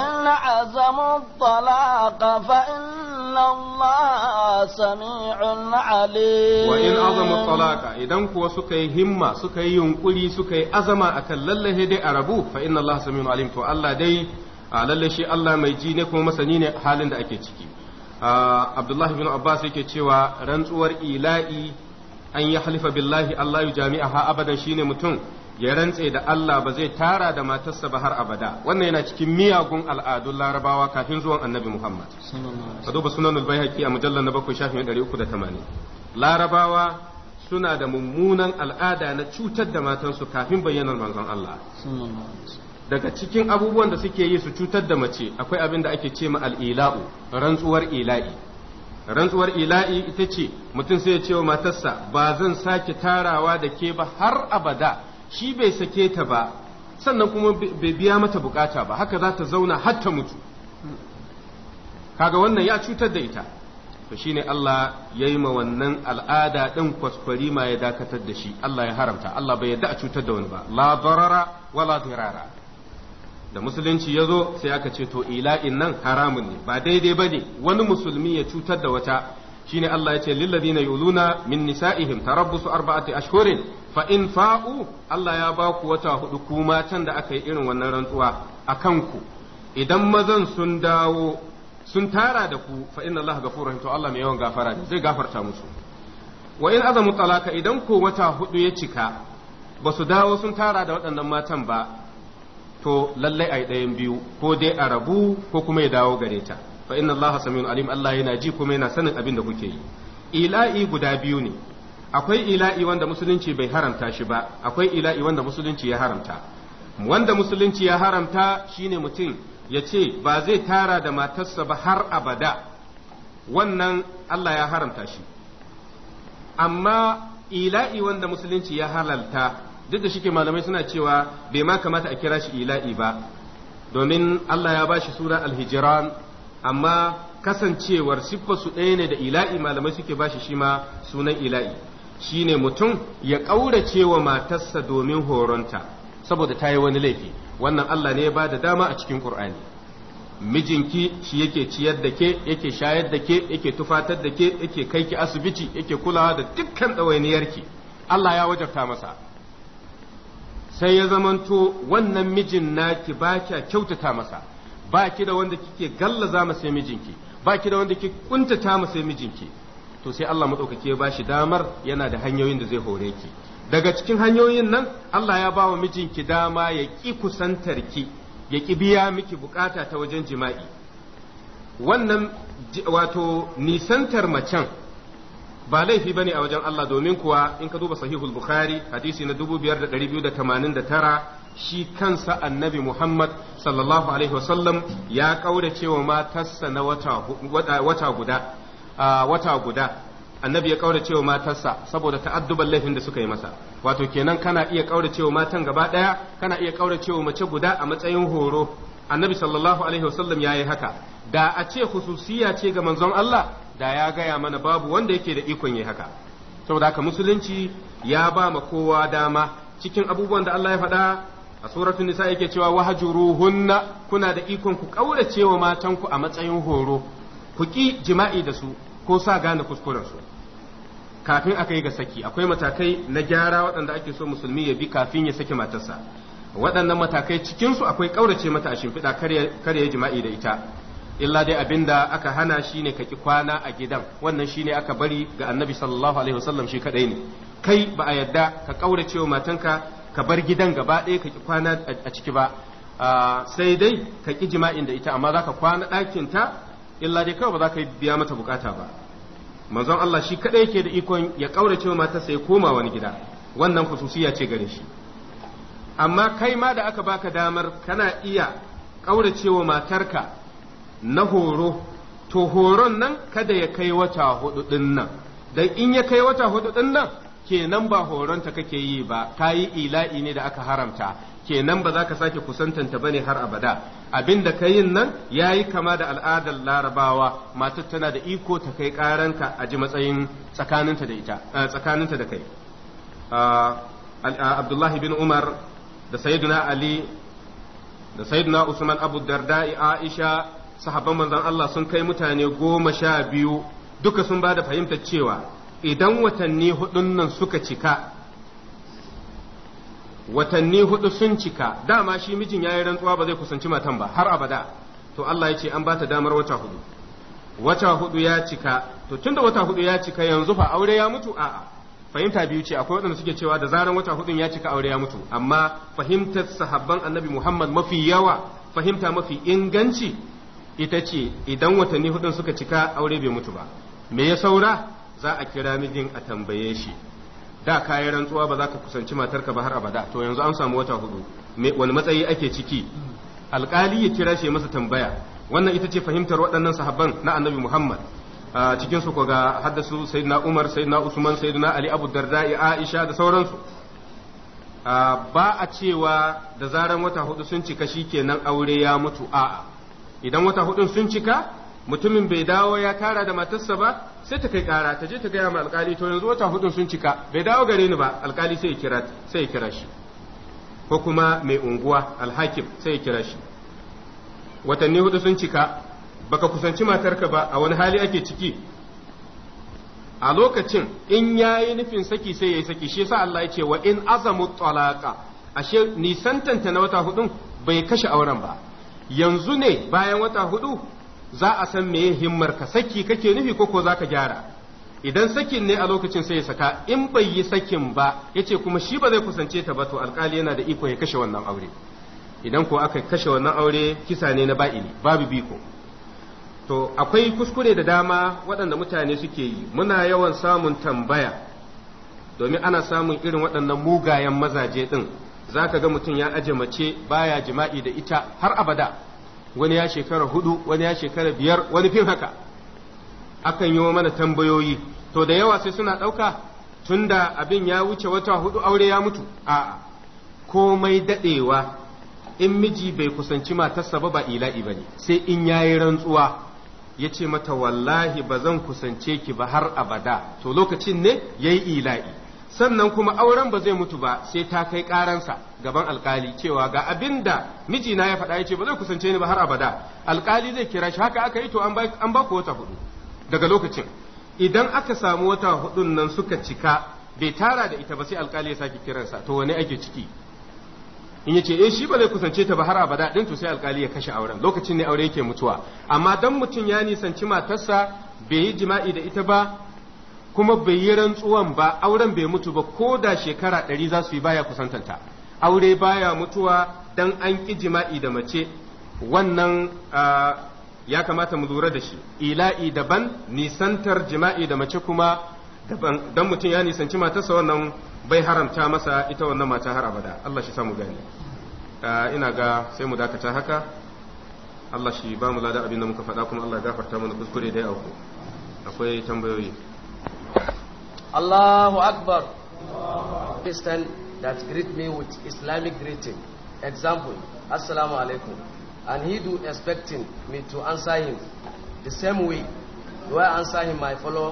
wa in azamu talaka idan kuwa suka yi himma suka yi yunkuri suka yi azama akan lallahi dai arabu fa inna Allah sami'un alim to Allah dai a lalle shi Allah mai ji ne kuma masani ne halin da ake ciki abdullahi bin abbas yake cewa rantsuwar ila'i an yi halifa billahi Allah jami'a ha abadan shine mutum ya rantse da Allah ba zai tara da matarsa ba har abada wannan yana cikin miyagun al'adun larabawa kafin zuwa annabi Muhammad ka duba sunan al-baihaqi a mujallar na bakwai shafin 380 larabawa suna da mummunan al'ada na cutar da matansu kafin bayyanar manzon Allah daga cikin abubuwan da suke yi su cutar da mace akwai abin da ake ce ma al'ila'u rantsuwar ila'i rantsuwar ila'i ita ce mutum sai ya ce wa matarsa ba zan sake tarawa da ke ba har abada shi bai sake ta ba sannan kuma bai biya mata bukata ba haka za ta zauna har ta mutu kaga wannan ya cutar da ita to shine Allah ya yi ma wannan al'ada ɗin kwaskwari ma ya dakatar da shi Allah ya haramta Allah bai yarda a cutar da wani ba la darara wala dirara da musulunci ya zo sai aka ce to ila'in nan haramun ne ba daidai ba ne wani musulmi ya cutar da wata Shi ne Allah ya ce lillazina yuluna min nisa'ihim tarabbusu arba'ati ashhurin fa in fa'u Allah ya ba ku wata hudu ku matan da aka yi irin wannan rantsuwa a kanku idan mazan sun dawo sun tara da ku fa inna Allah ga rahim to Allah mai yawan gafara ne zai gafarta musu wa in azamu talaka idan ko wata hudu ya cika ba su dawo sun tara da waɗannan matan ba to lallai ai ɗayan biyu ko dai a rabu ko kuma ya dawo gare ta fa inna allaha samiun alim allah yana ji kuma yana sanin abin da kuke yi ila'i guda biyu ne akwai ila'i wanda musulunci bai haramta shi ba akwai ila'i wanda musulunci ya haramta wanda musulunci ya haramta shine mutum ya ce ba zai tara da matarsa ba har abada wannan Allah ya haramta shi amma ila'i wanda musulunci ya halalta duk da shike malamai suna cewa bai ma kamata a kira shi ila'i ba domin Allah ya bashi sura al-hijran amma kasancewar siffa su ɗaya ne da ila'i malamai suke ba shi shi ma sunan ila'i shine mutum ya ƙaurace wa matarsa domin horonta saboda ta yi wani laifi wannan Allah ne ya ba da dama a cikin Qur'ani mijinki shi yake ciyar da ke yake shayar da ke yake tufatar da ke yake kai ki asibiti yake kulawa da dukkan ɗawainiyarki Allah ya wajabta masa sai ya zamanto wannan mijin naki ba kya kyautata masa ba ki da wanda kike gallaza masa mijinki ba ki da wanda kike kuntata masa mijinki to sai Allah madaukake ya bashi damar yana da hanyoyin da zai hore ki daga cikin hanyoyin nan Allah ya ba wa mijinki dama ya ki kusantar ki ya ki biya miki bukata ta wajen jima'i wannan wato nisantar macen ba laifi bane a wajen Allah domin kuwa in ka duba sahihul bukhari hadisi na 2289 shi kansa annabi Muhammad sallallahu alaihi wasallam ya kaura cewa matarsa na wata guda wata guda annabi ya kaura cewa matarsa saboda ta'adduban laifin da suka yi masa wato kenan kana iya kaura cewa matan gaba daya kana iya kaura cewa mace guda a matsayin horo annabi sallallahu alaihi wasallam ya yi haka da a ce hususiya ce ga manzon Allah da ya gaya mana babu wanda yake da ikon yi haka saboda haka musulunci ya ba ma kowa dama cikin abubuwan da Allah ya faɗa a suratun nisa yake cewa wahjuruhunna kuna da ikon ku kaurace wa matanku a matsayin horo ku ki jima'i da su ko sa gane kuskuren su kafin akai yi ga saki akwai matakai na gyara waɗanda ake so musulmi ya bi kafin ya saki matarsa waɗannan matakai cikinsu akwai ƙaurace mata a shimfiɗa kar ya jima'i da ita illa dai abin da aka hana shi ne ka ki kwana a gidan wannan shi ne aka bari ga annabi sallallahu alaihi wasallam shi kadai ne kai ba a yadda ka kaura cewa matanka ka bar gidan gaba ɗaya ka ki kwana a ciki ba ah, sai dai ka ki jima'in da ita amma za ka kwana ɗakin ta illa dai kawai ba za ka biya mata bukata ba manzon Allah shi kadai yake da ikon ya kaura wa mata ya koma wani gida wannan khususiya ce gare shi amma kai ma da aka baka damar kana iya ƙaurace wa matarka na horo to horon nan kada ya kai wata hudu din nan dan in ya kai wata hudu din nan kenan ba horon horonta kake yi ba yi ila'i ne da aka haramta kenan ba za ka sake kusantanta bane har abada abin da ka yin nan ya yi kama da al'adar larabawa matar tana da iko ta kai ƙaranka a ji matsayin tsakaninta da ita tsakaninta da kai abdullahi bin umar da sayyiduna ali da sayyiduna usman abu darda'i aisha sahabban manzon Allah sun kai mutane goma sha biyu duka sun ba da fahimtar cewa idan watanni hudun nan suka cika watanni hudu sun cika dama shi mijin ya yi rantsuwa ba zai kusanci matan ba har abada to Allah ya ce an ba ta damar wata hudu wata hudu ya cika to tunda wata hudu ya cika yanzu fa aure ya mutu a'a fahimta biyu ce akwai waɗanda suke cewa da zaran wata hudun ya cika aure ya mutu amma fahimtar sahabban annabi Muhammad mafi yawa fahimta mafi inganci ita ce idan watanni hudun suka cika aure bai mutu ba me ya saura za a kira mijin a tambaye shi da kayan rantsuwa ba za ka kusanci matarka ba har abada to yanzu an samu wata hudu wani matsayi ake ciki alkali ya kira shi masa tambaya wannan ita ce fahimtar waɗannan sahabban na annabi muhammad cikin su ga haddasu sayyidina umar sayyidina usman sayyidina ali abu darda aisha da sauransu ba a cewa da zaran wata hudu sun cika shi kenan aure ya mutu a'a idan wata hudun sun cika mutumin bai dawo ya kara da matarsa ba sai ta kai kara ta je ta gaya ma alkali to yanzu wata hudun sun cika bai dawo gare ni ba alkali sai ya kira sai ya kira shi ko kuma mai unguwa alhakim sai ya kira shi watanni hudu sun cika baka kusanci matarka ba a wani hali ake ciki a lokacin in yayi nufin saki sai yayi saki shi yasa Allah ya ce wa in azamu talaqa ashe nisantanta na wata hudun bai kashe auren ba yanzu ne bayan wata hudu za a san meye himmar ka saki kake nufi ko ko zaka gyara idan sakin ne a lokacin sai ya saka in bai yi sakin ba yace kuma shi ba zai kusance ta ba to alkali yana da iko ya kashe wannan aure idan ko aka kashe wannan aure kisa ne na ba'ili babu biko to akwai kuskure da dama waɗanda mutane suke yi muna yawan samun tambaya domin ana samun irin waɗannan mugayen mazaje ɗin za ka ga mutum ya aje mace baya jima'i da ita har abada wani ya shekara hudu wani ya shekara biyar wani fin haka akan yi mana tambayoyi to da yawa sai suna ɗauka tunda abin ya wuce wata hudu aure ya mutu a'a komai daɗewa in miji bai kusanci matarsa ba ba ila'i ba ne sai in ya yi rantsuwa ya ce mata wallahi ba zan kusance ki ba har abada to lokacin ne ya yi ila'i sannan kuma auren ba zai mutu ba sai ta kai karansa gaban alkali cewa ga abin da mijina ya faɗa ya ce ba zai kusance ni ba har abada alkali zai kira shi haka aka yi to an ba ku wata hudu daga lokacin idan aka samu wata hudun nan suka cika bai tara da ita ba sai alkali ya sake kiransa to wani ake ciki in yace eh shi ba zai kusance ta ba har abada din to sai alkali ya kashe auren lokacin ne aure yake mutuwa amma dan mutum ya nisanci matarsa bai yi jima'i da ita ba kuma bai yi rantsuwan ba auren bai mutu ba ko da shekara ɗari za su yi baya kusantanta aure baya mutuwa dan an ƙi jima'i da mace wannan ya kamata mu lura da shi ila'i daban nisantar jima'i da mace kuma daban dan mutum ya nisanci matarsa wannan bai haramta masa ita wannan mata har abada Allah shi sa mu gani ina ga sai mu dakata haka Allah shi ba mu lada abin da muka faɗa kuma Allah ya gafarta mana kuskure da ya auku akwai tambayoyi Allahu Akbar. Christian that greet me with Islamic greeting. Example, Assalamu alaikum. And he do expecting me to answer him the same way do I answer him my follow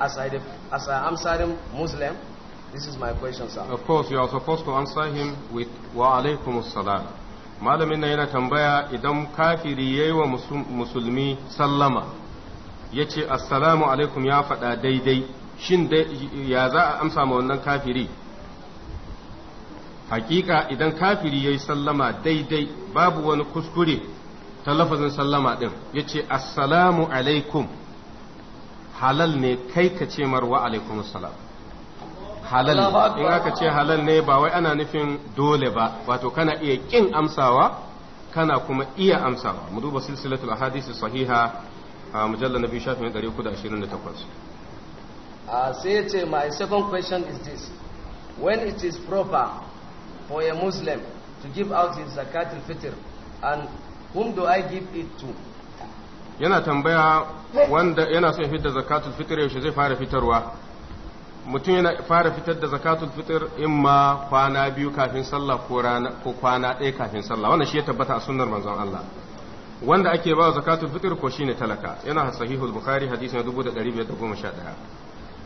as I, as I answer him Muslim? This is my question, sir. Of course, you are supposed to answer him with wa alaikum salam. Malamin na yana tambaya idan kafiri yayi wa musulmi sallama ya ce assalamu alaikum ya faɗa daidai shin ya za a amsa ma wannan kafiri hakika idan kafiri ya yi sallama daidai babu wani kuskure ta lafazin sallama ɗin ya ce assalamu alaikum halal ne kai ka ce marwa alaikum salam halal ne in aka ce halal ne ba wai ana nufin dole ba wato kana iya ƙin amsawa kana kuma iya amsawa mu duba silsilatul hadisi sahiha a mujallar na biyu shafin da da uku ashirin 328 sai ce my second question is this when it is proper for a muslim to give out his zakat al-fitr and whom do i give it to yana tambaya wanda yana son fitar zakatul fitr yaushe zai fara fitarwa mutum yana fara fitar da zakatul fitr ma kwana biyu kafin sallah ko ko kwana ɗaya kafin sallah wannan shi ya tabbata a sunnar manzon Allah wanda ake ba zakatul fitr ko shine talaka yana sahihul bukhari hadisi na 1511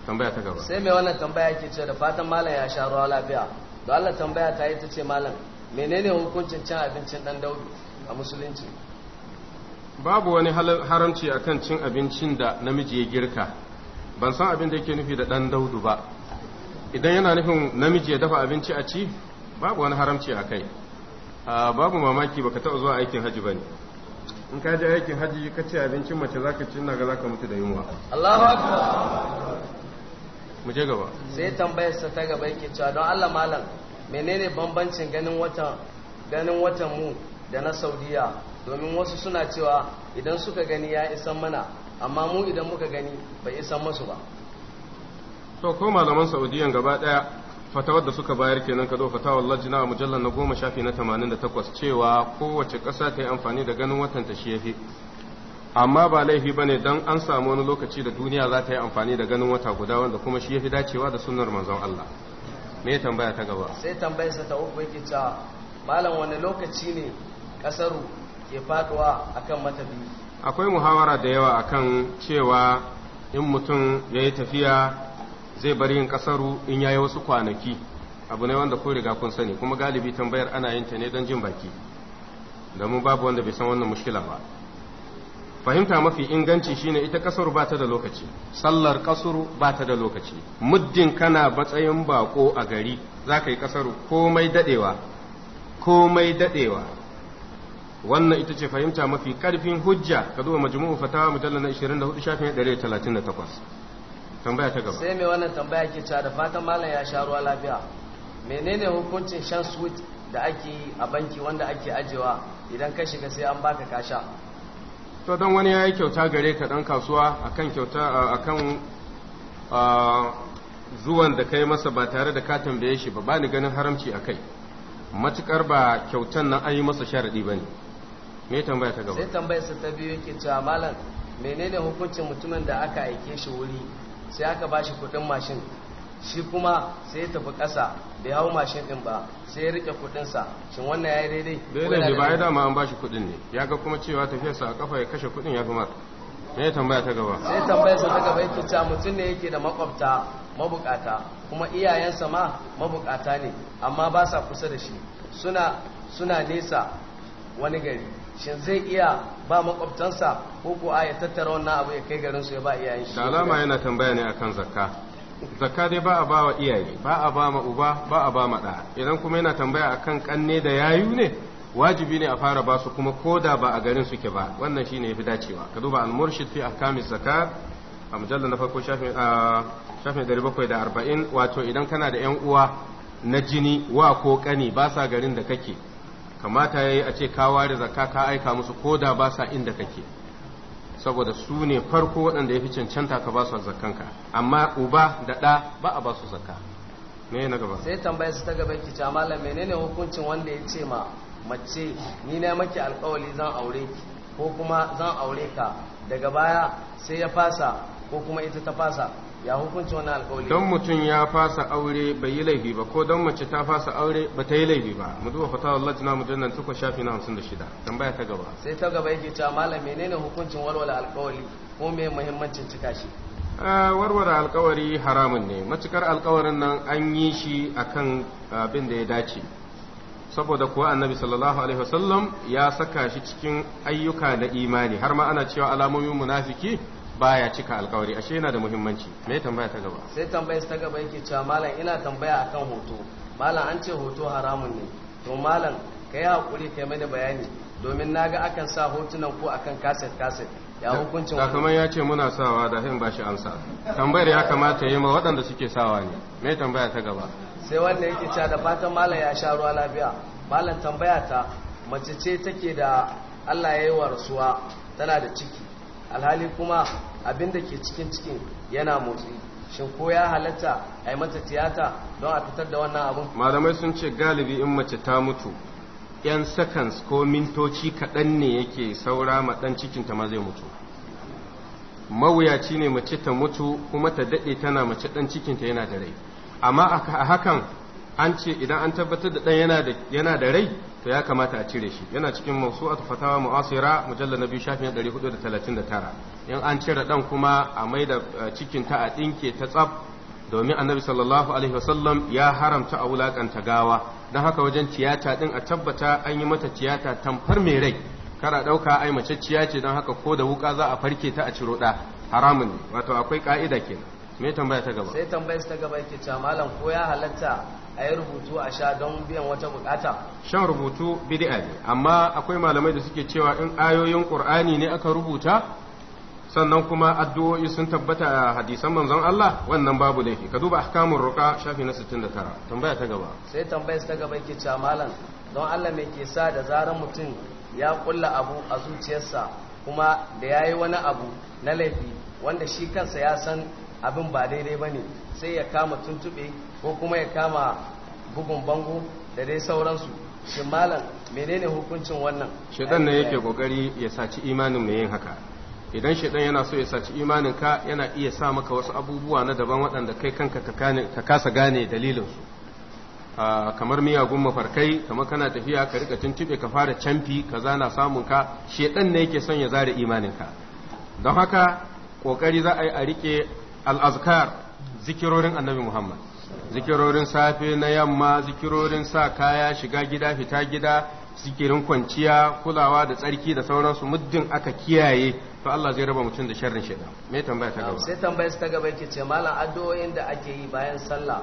tambaya ta gaba sai mai wannan tambaya yake ce da fatan malam ya sha ruwa lafiya don Allah tambaya ta yi ta ce malam menene hukuncin cin abincin dan daudu a musulunci babu wani haramci akan cin abincin da namiji ya girka ban san abin da yake nufi da dan daudu ba idan yana nufin namiji ya dafa abinci a ci babu wani haramci a kai ah, babu mamaki baka taɓa zuwa aikin hajji ba ne in ka je aikin haji ka ci abincin mace za zaka ci na ga ka mutu da yunwa Allahu akbar mu je gaba sai tambayar sa ta gaba yake cewa don Allah malam menene bambancin ganin watan ganin watan mu da na Saudiya domin wasu suna cewa idan suka gani ya isan mana amma mu idan muka gani bai isan masu ba to ko malaman Saudiyan gaba daya fatawar da suka bayar kenan ka zo fatawar lajina a mujallar na goma shafi na tamanin da takwas cewa kowace ƙasa ta yi amfani da ganin watan ta ya fi. amma ba laifi ba ne don an samu wani lokaci da duniya za ta yi amfani da ganin wata guda wanda kuma shi ya fi dacewa da sunnar manzon Allah me ya tambaya ta gaba sai tambayar sa ta uku yake cewa malam wani lokaci ne kasaru ke faduwa akan matafi akwai muhawara da yawa akan cewa in mutum ya yi tafiya zai bari yin kasaru in yayi wasu kwanaki abu ne wanda ko riga kun sani kuma galibi tambayar ana yin ta ne don jin baki domin babu wanda bai san wannan mushkila ba fahimta mafi inganci shine ita kasaru ba ta da lokaci sallar kasuru ba ta da lokaci muddin kana matsayin bako a gari za ka yi kasaru komai dadewa komai dadewa wannan ita ce fahimta mafi karfin hujja ka zuwa majmu'u fatawa mujallal na 24 shafin 138 tambaya ta gaba sai mai wannan tambaya ke cewa da fatan malam ya sha ruwa lafiya menene hukuncin shan sweet da ake yi a banki wanda ake ajewa idan ka shiga sai an baka kasha to dan wani yayi kyauta gare ka dan kasuwa akan kyauta akan zuwan da kai masa ba tare da ka tambaye shi ba bani ganin haramci akai matukar ba kyautan nan an yi masa sharadi bane me tambaya ta gaba sai tambayar sa ta biyu yake cewa malam menene hukuncin mutumin da aka aike shi wuri sai aka ba shi kudin mashin shi kuma sai ya tafi ƙasa bai hau mashin din ba sai ya rike kudinsa shin wannan ya yi daidai daidai ne ba ya dama an ba shi kudin ne ya ga kuma cewa tafiyarsa a kafa ya kashe kudin ya fi mar me ya tambaya ta gaba sai tambayarsa ta gaba yake cewa mutum ne yake da makwabta mabukata kuma iyayensa ma mabukata ne amma ba sa kusa da shi suna suna nesa wani gari shin zai iya ba makwabtansa ko ko a ya tattara wannan abu ya kai garinsu ya ba iyayen shi da alama yana tambaya ne akan zakka zakka dai ba a ba wa iyaye ba a ba ma uba ba a ba ma da idan kuma yana tambaya akan kanne da yayu ne wajibi ne a fara ba su kuma da ba a garin suke ba wannan shine yafi dacewa ka duba al-murshid fi ahkamis zakka a mujallar na farko shafin 740 wato idan kana da yan uwa na jini wa ko kani ba sa garin da kake kamata ya yi a ce ka ware zakka ka aika musu ko da ba sa inda kake saboda su ne farko waɗanda ya fi cancanta ka ba su zakkanka amma uba da ɗa ba a ba su zakka me na gaba sai tambaya su ta gaba ki ce malam menene hukuncin wanda ya ce ma mace ni na maki alƙawali zan aure ki ko kuma zan aure ka daga baya sai ya fasa ko kuma ita ta fasa ya hukunci wannan alkawali don mutum ya fasa aure bai yi laifi ba ko don mace ta fasa aure ba ta yi laifi ba mu duba fata Allah jina mu jannan tukwa shafi na hamsin da shida tambaya ta gaba sai ta gaba yake cewa malam menene hukuncin walwala alkawali ko me muhimmancin cika shi ah, warware alkawari haramun ne matukar alkawarin nan an yi shi akan abin da ya dace saboda kuwa annabi sallallahu alaihi wasallam ya saka shi cikin ayyuka na imani har ma ana cewa alamomin munafiki baya cika alkawari ashe yana da muhimmanci me tambaya ta gaba sai tambayar ta gaba yake cewa malam ina tambaya akan hoto malam an ce hoto haramun ne to malam kai hakuri kai mai da bayani domin naga akan sa hotunan ko akan kaset kaset ya hukuncin ka kamar ya ce muna sawa da hin bashi amsa tambayar ya kamata yi ma waɗanda suke sawa ne me tambaya ta gaba sai wanda yake cewa da fatan malam ya sha ruwa lafiya malam tambaya ta mace ce take da Allah ya yi wa rasuwa tana da ciki alhali kuma abin da ke cikin cikin yana motsi shin ko ya halatta a yi mata tiyata don a fitar da wannan abin malamai sun ce galibi in mace ta mutu yan seconds ko mintoci kaɗan ne yake saura ma ɗan cikinta ma zai mutu mawuyaci ne mace ta mutu kuma ta daɗe tana mace ɗan cikinta yana da rai amma a hakan an ce idan an tabbatar da ɗan yana da rai to ya kamata a cire shi yana cikin mawsu'atu fatawa mu'asira mujallal nabi shafin 439 in an cire dan kuma a maida eh, cikin ta a dinke ta tsab domin annabi sallallahu alaihi wasallam ya haramta a wulakanta gawa don haka wajen tiyata din a tabbata an yi mata tiyata tamfar mai rai kara dauka ai ciya ce don haka ko da wuka za a farke ta a ciro da haramun ne wato akwai ka'ida kenan me tambaya ta gaba sai tambayar ta gaba yake cewa malam ko ya halatta a yi rubutu a sha don biyan wata bukata shan rubutu bid'a ne amma akwai malamai da suke cewa in ayoyin qur'ani ne aka rubuta sannan kuma addu'o'i sun tabbata a hadisan manzon Allah wannan babu laifi ka duba ahkamur ruqa shafi na 69 tambaya ta gaba sai tambayar ta gaba yake cewa malam don Allah me ke sa da zarar mutum ya kulla abu a zuciyarsa kuma da yayi wani abu na laifi wanda shi kansa ya san abin ba daidai bane sai ya kama tuntube ko kuma ya kama bugun bango da dai sauransu shi malam menene hukuncin wannan shedan ne yake kokari ya saci imanin mai yin haka idan shedan yana so ya saci imanin ka yana iya sa maka wasu abubuwa na daban waɗanda kai kanka ka kasa gane dalilinsu kamar miyagun mafarkai kamar kana tafiya ka rika tuntube ka fara canfi ka zana samun ka shedan ne yake son ya zare imanin ka don haka kokari za a yi a rike al'azkar zikirorin annabi Muhammad zikirorin safe na yamma zikirorin sa kaya shiga gida fita gida zikirin kwanciya kulawa da tsarki da sauransu muddin aka kiyaye to Allah zai raba mutum da sharrin shaitan me tambaya ta gaba sai tambaya ta gaba yake ce malam addu'o'in da ake yi bayan sallah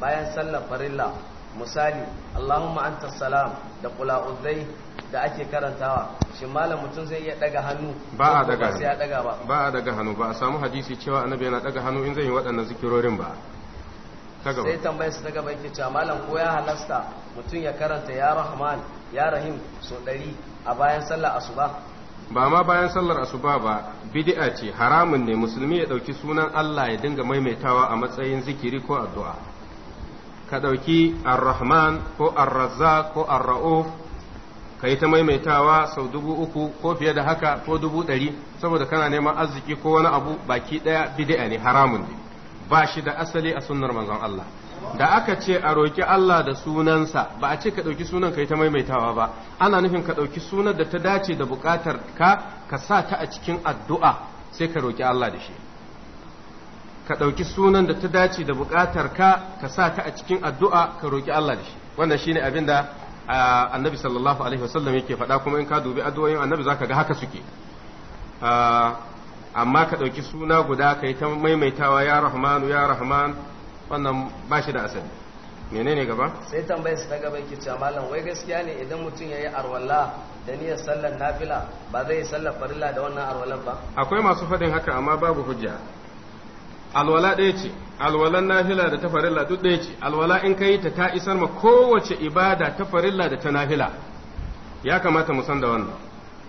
bayan sallah farilla misali Allahumma anta salam da qula uzai da ake karantawa shi malam mutum zai iya daga hannu ba a daga ba. ba a daga hannu ba a samu hadisi cewa annabi yana daga hannu in zai yi waɗannan zikirorin ba sai tambayar su ta gaba yake cewa malam ko ya halasta mutum ya karanta ya rahman ya rahim so ɗari a bayan sallar asuba ba ma bayan sallar asuba ba bid'a ce haramun ne musulmi ya ɗauki sunan Allah ya dinga maimaitawa a matsayin zikiri ko addu'a ka ɗauki ar-rahman ko ar ko ar-ra'uf ka yi ta maimaitawa sau dubu uku ko fiye da haka ko dubu ɗari saboda kana neman arziki ko wani abu baki ɗaya bid'a ne haramun ne ba shi da asali a sunnar manzon Allah da aka ce a roƙi Allah da sunansa ba a ce ka ɗauki sunan kai ta maimaitawa ba ana nufin ka ɗauki sunan da ta dace da buƙatar ka ka sa ta a cikin addu'a sai ka roƙi Allah da shi ka ɗauki sunan da ta dace da buƙatar ka ka sa ta a cikin addu'a ka roƙi Allah da shi wannan shine abin da annabi sallallahu alaihi wasallam yake faɗa kuma in ka dubi addu'o'in annabi zaka ga haka suke amma ka ɗauki suna guda ka yi ta maimaitawa ya rahmanu ya rahman wannan ba shi da asali menene gaba sai tambayar su ta gaba yake cewa malam wai gaskiya ne idan mutum ya yi arwala da niyyar sallar nafila ba zai yi sallar farilla da wannan arwalar ba akwai masu faɗin haka amma babu hujja alwala ɗaya ce alwalan nafila da ta farilla duk ɗaya ce alwala in ka yi ta ta isar ma kowace ibada ta farilla da ta nafila ya kamata mu san da wannan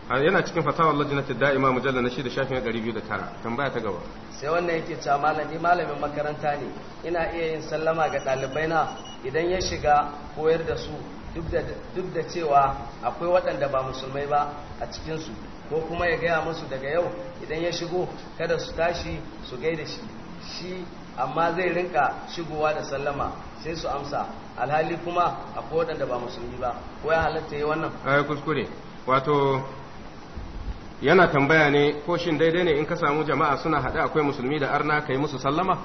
yana cikin fatawar lajinatu da'ima mujalla na shida shafin 209 tambaya ta gaba sai wannan yake cewa malami malamin makaranta ne ina iya yin sallama ga ɗalibai na idan ya shiga koyar da su duk da cewa akwai waɗanda ba musulmai ba a cikinsu ko kuma ya gaya musu daga yau idan ya shigo kada su tashi su gaida shi shi amma zai rinka shigowa da sallama sai su amsa alhali kuma akwai waɗanda ba musulmi ba ko ya halatta yi wannan kuskure wato yana tambaya ne ko shin daidai ne in ka samu jama'a suna haɗe akwai musulmi da arna kai musu sallama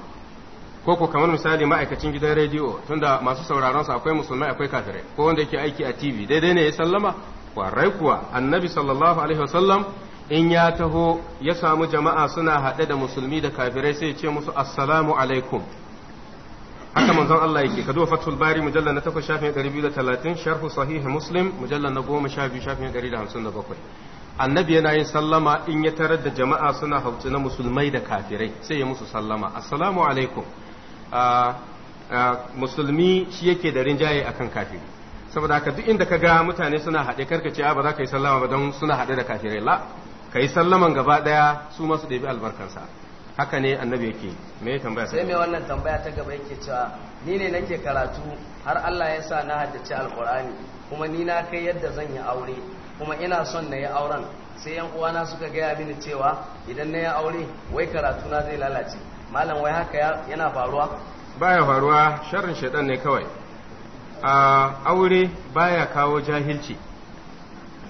ko ko kamar misali ma'aikacin gidan rediyo tunda masu sauraron su akwai musulmi akwai kafirai ko wanda yake aiki a TV daidai ne ya sallama kwarai kuwa annabi sallallahu alaihi wasallam in ya taho ya samu jama'a suna haɗe da musulmi da kafirai sai ya ce musu assalamu alaikum haka manzon Allah yake ka duba fathul bari mujallal na 8 shafin 230 sharh sahih muslim mujallal na 10 shafin 157 annabi yana yin sallama in ya tarar da jama'a suna hautu na musulmai da kafirai sai ya musu sallama assalamu alaikum ah, ah, musulmi shi yake da rinjaye akan kafiri saboda haka duk inda ka ga mutane suna haɗe karka ce ah, ba za ka yi sallama ba don suna haɗe da kafirai la ka yi sallaman gaba ɗaya su masu ɗabi albarkansa haka ne annabi yake me ya tambaya sai me wannan tambaya ta gaba yake cewa ni ne nake karatu har Allah ya sa na haddace alqur'ani kuma ni na kai yadda zan yi aure kuma ina son na yi auren sai yan uwana suka gaya mini cewa idan na yi aure wai karatu na zai lalace malam wai haka yana faruwa baya faruwa sharrin shaidan ne kawai a aure baya kawo jahilci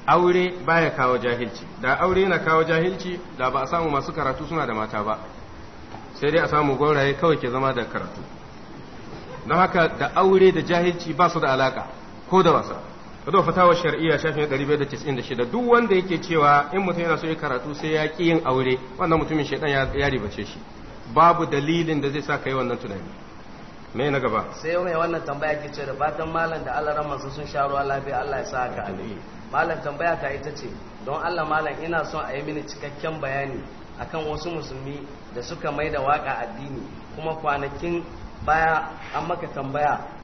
aure baya kawo jahilci da aure yana kawo jahilci da ba a samu masu karatu suna da mata ba sai dai a samu gwauraye kawai ke zama da karatu don haka da aure da jahilci ba su da alaka ko da wasa ka zo fatawa shar'iyya shafin 596 duk wanda yake cewa in mutum yana so ya karatu sai ya ƙi yin aure wannan mutumin shaidan ya ribace shi babu dalilin da zai sa ka yi wannan tunani me na gaba sai mai wannan tambaya ke ce da fatan malam da Allah ramansa sun sha ruwa lafiya Allah ya sa ka alheri malam tambaya ta ita ce don Allah malam ina son a yi mini cikakken bayani akan wasu musulmi da suka mai da waka addini kuma kwanakin baya an maka tambaya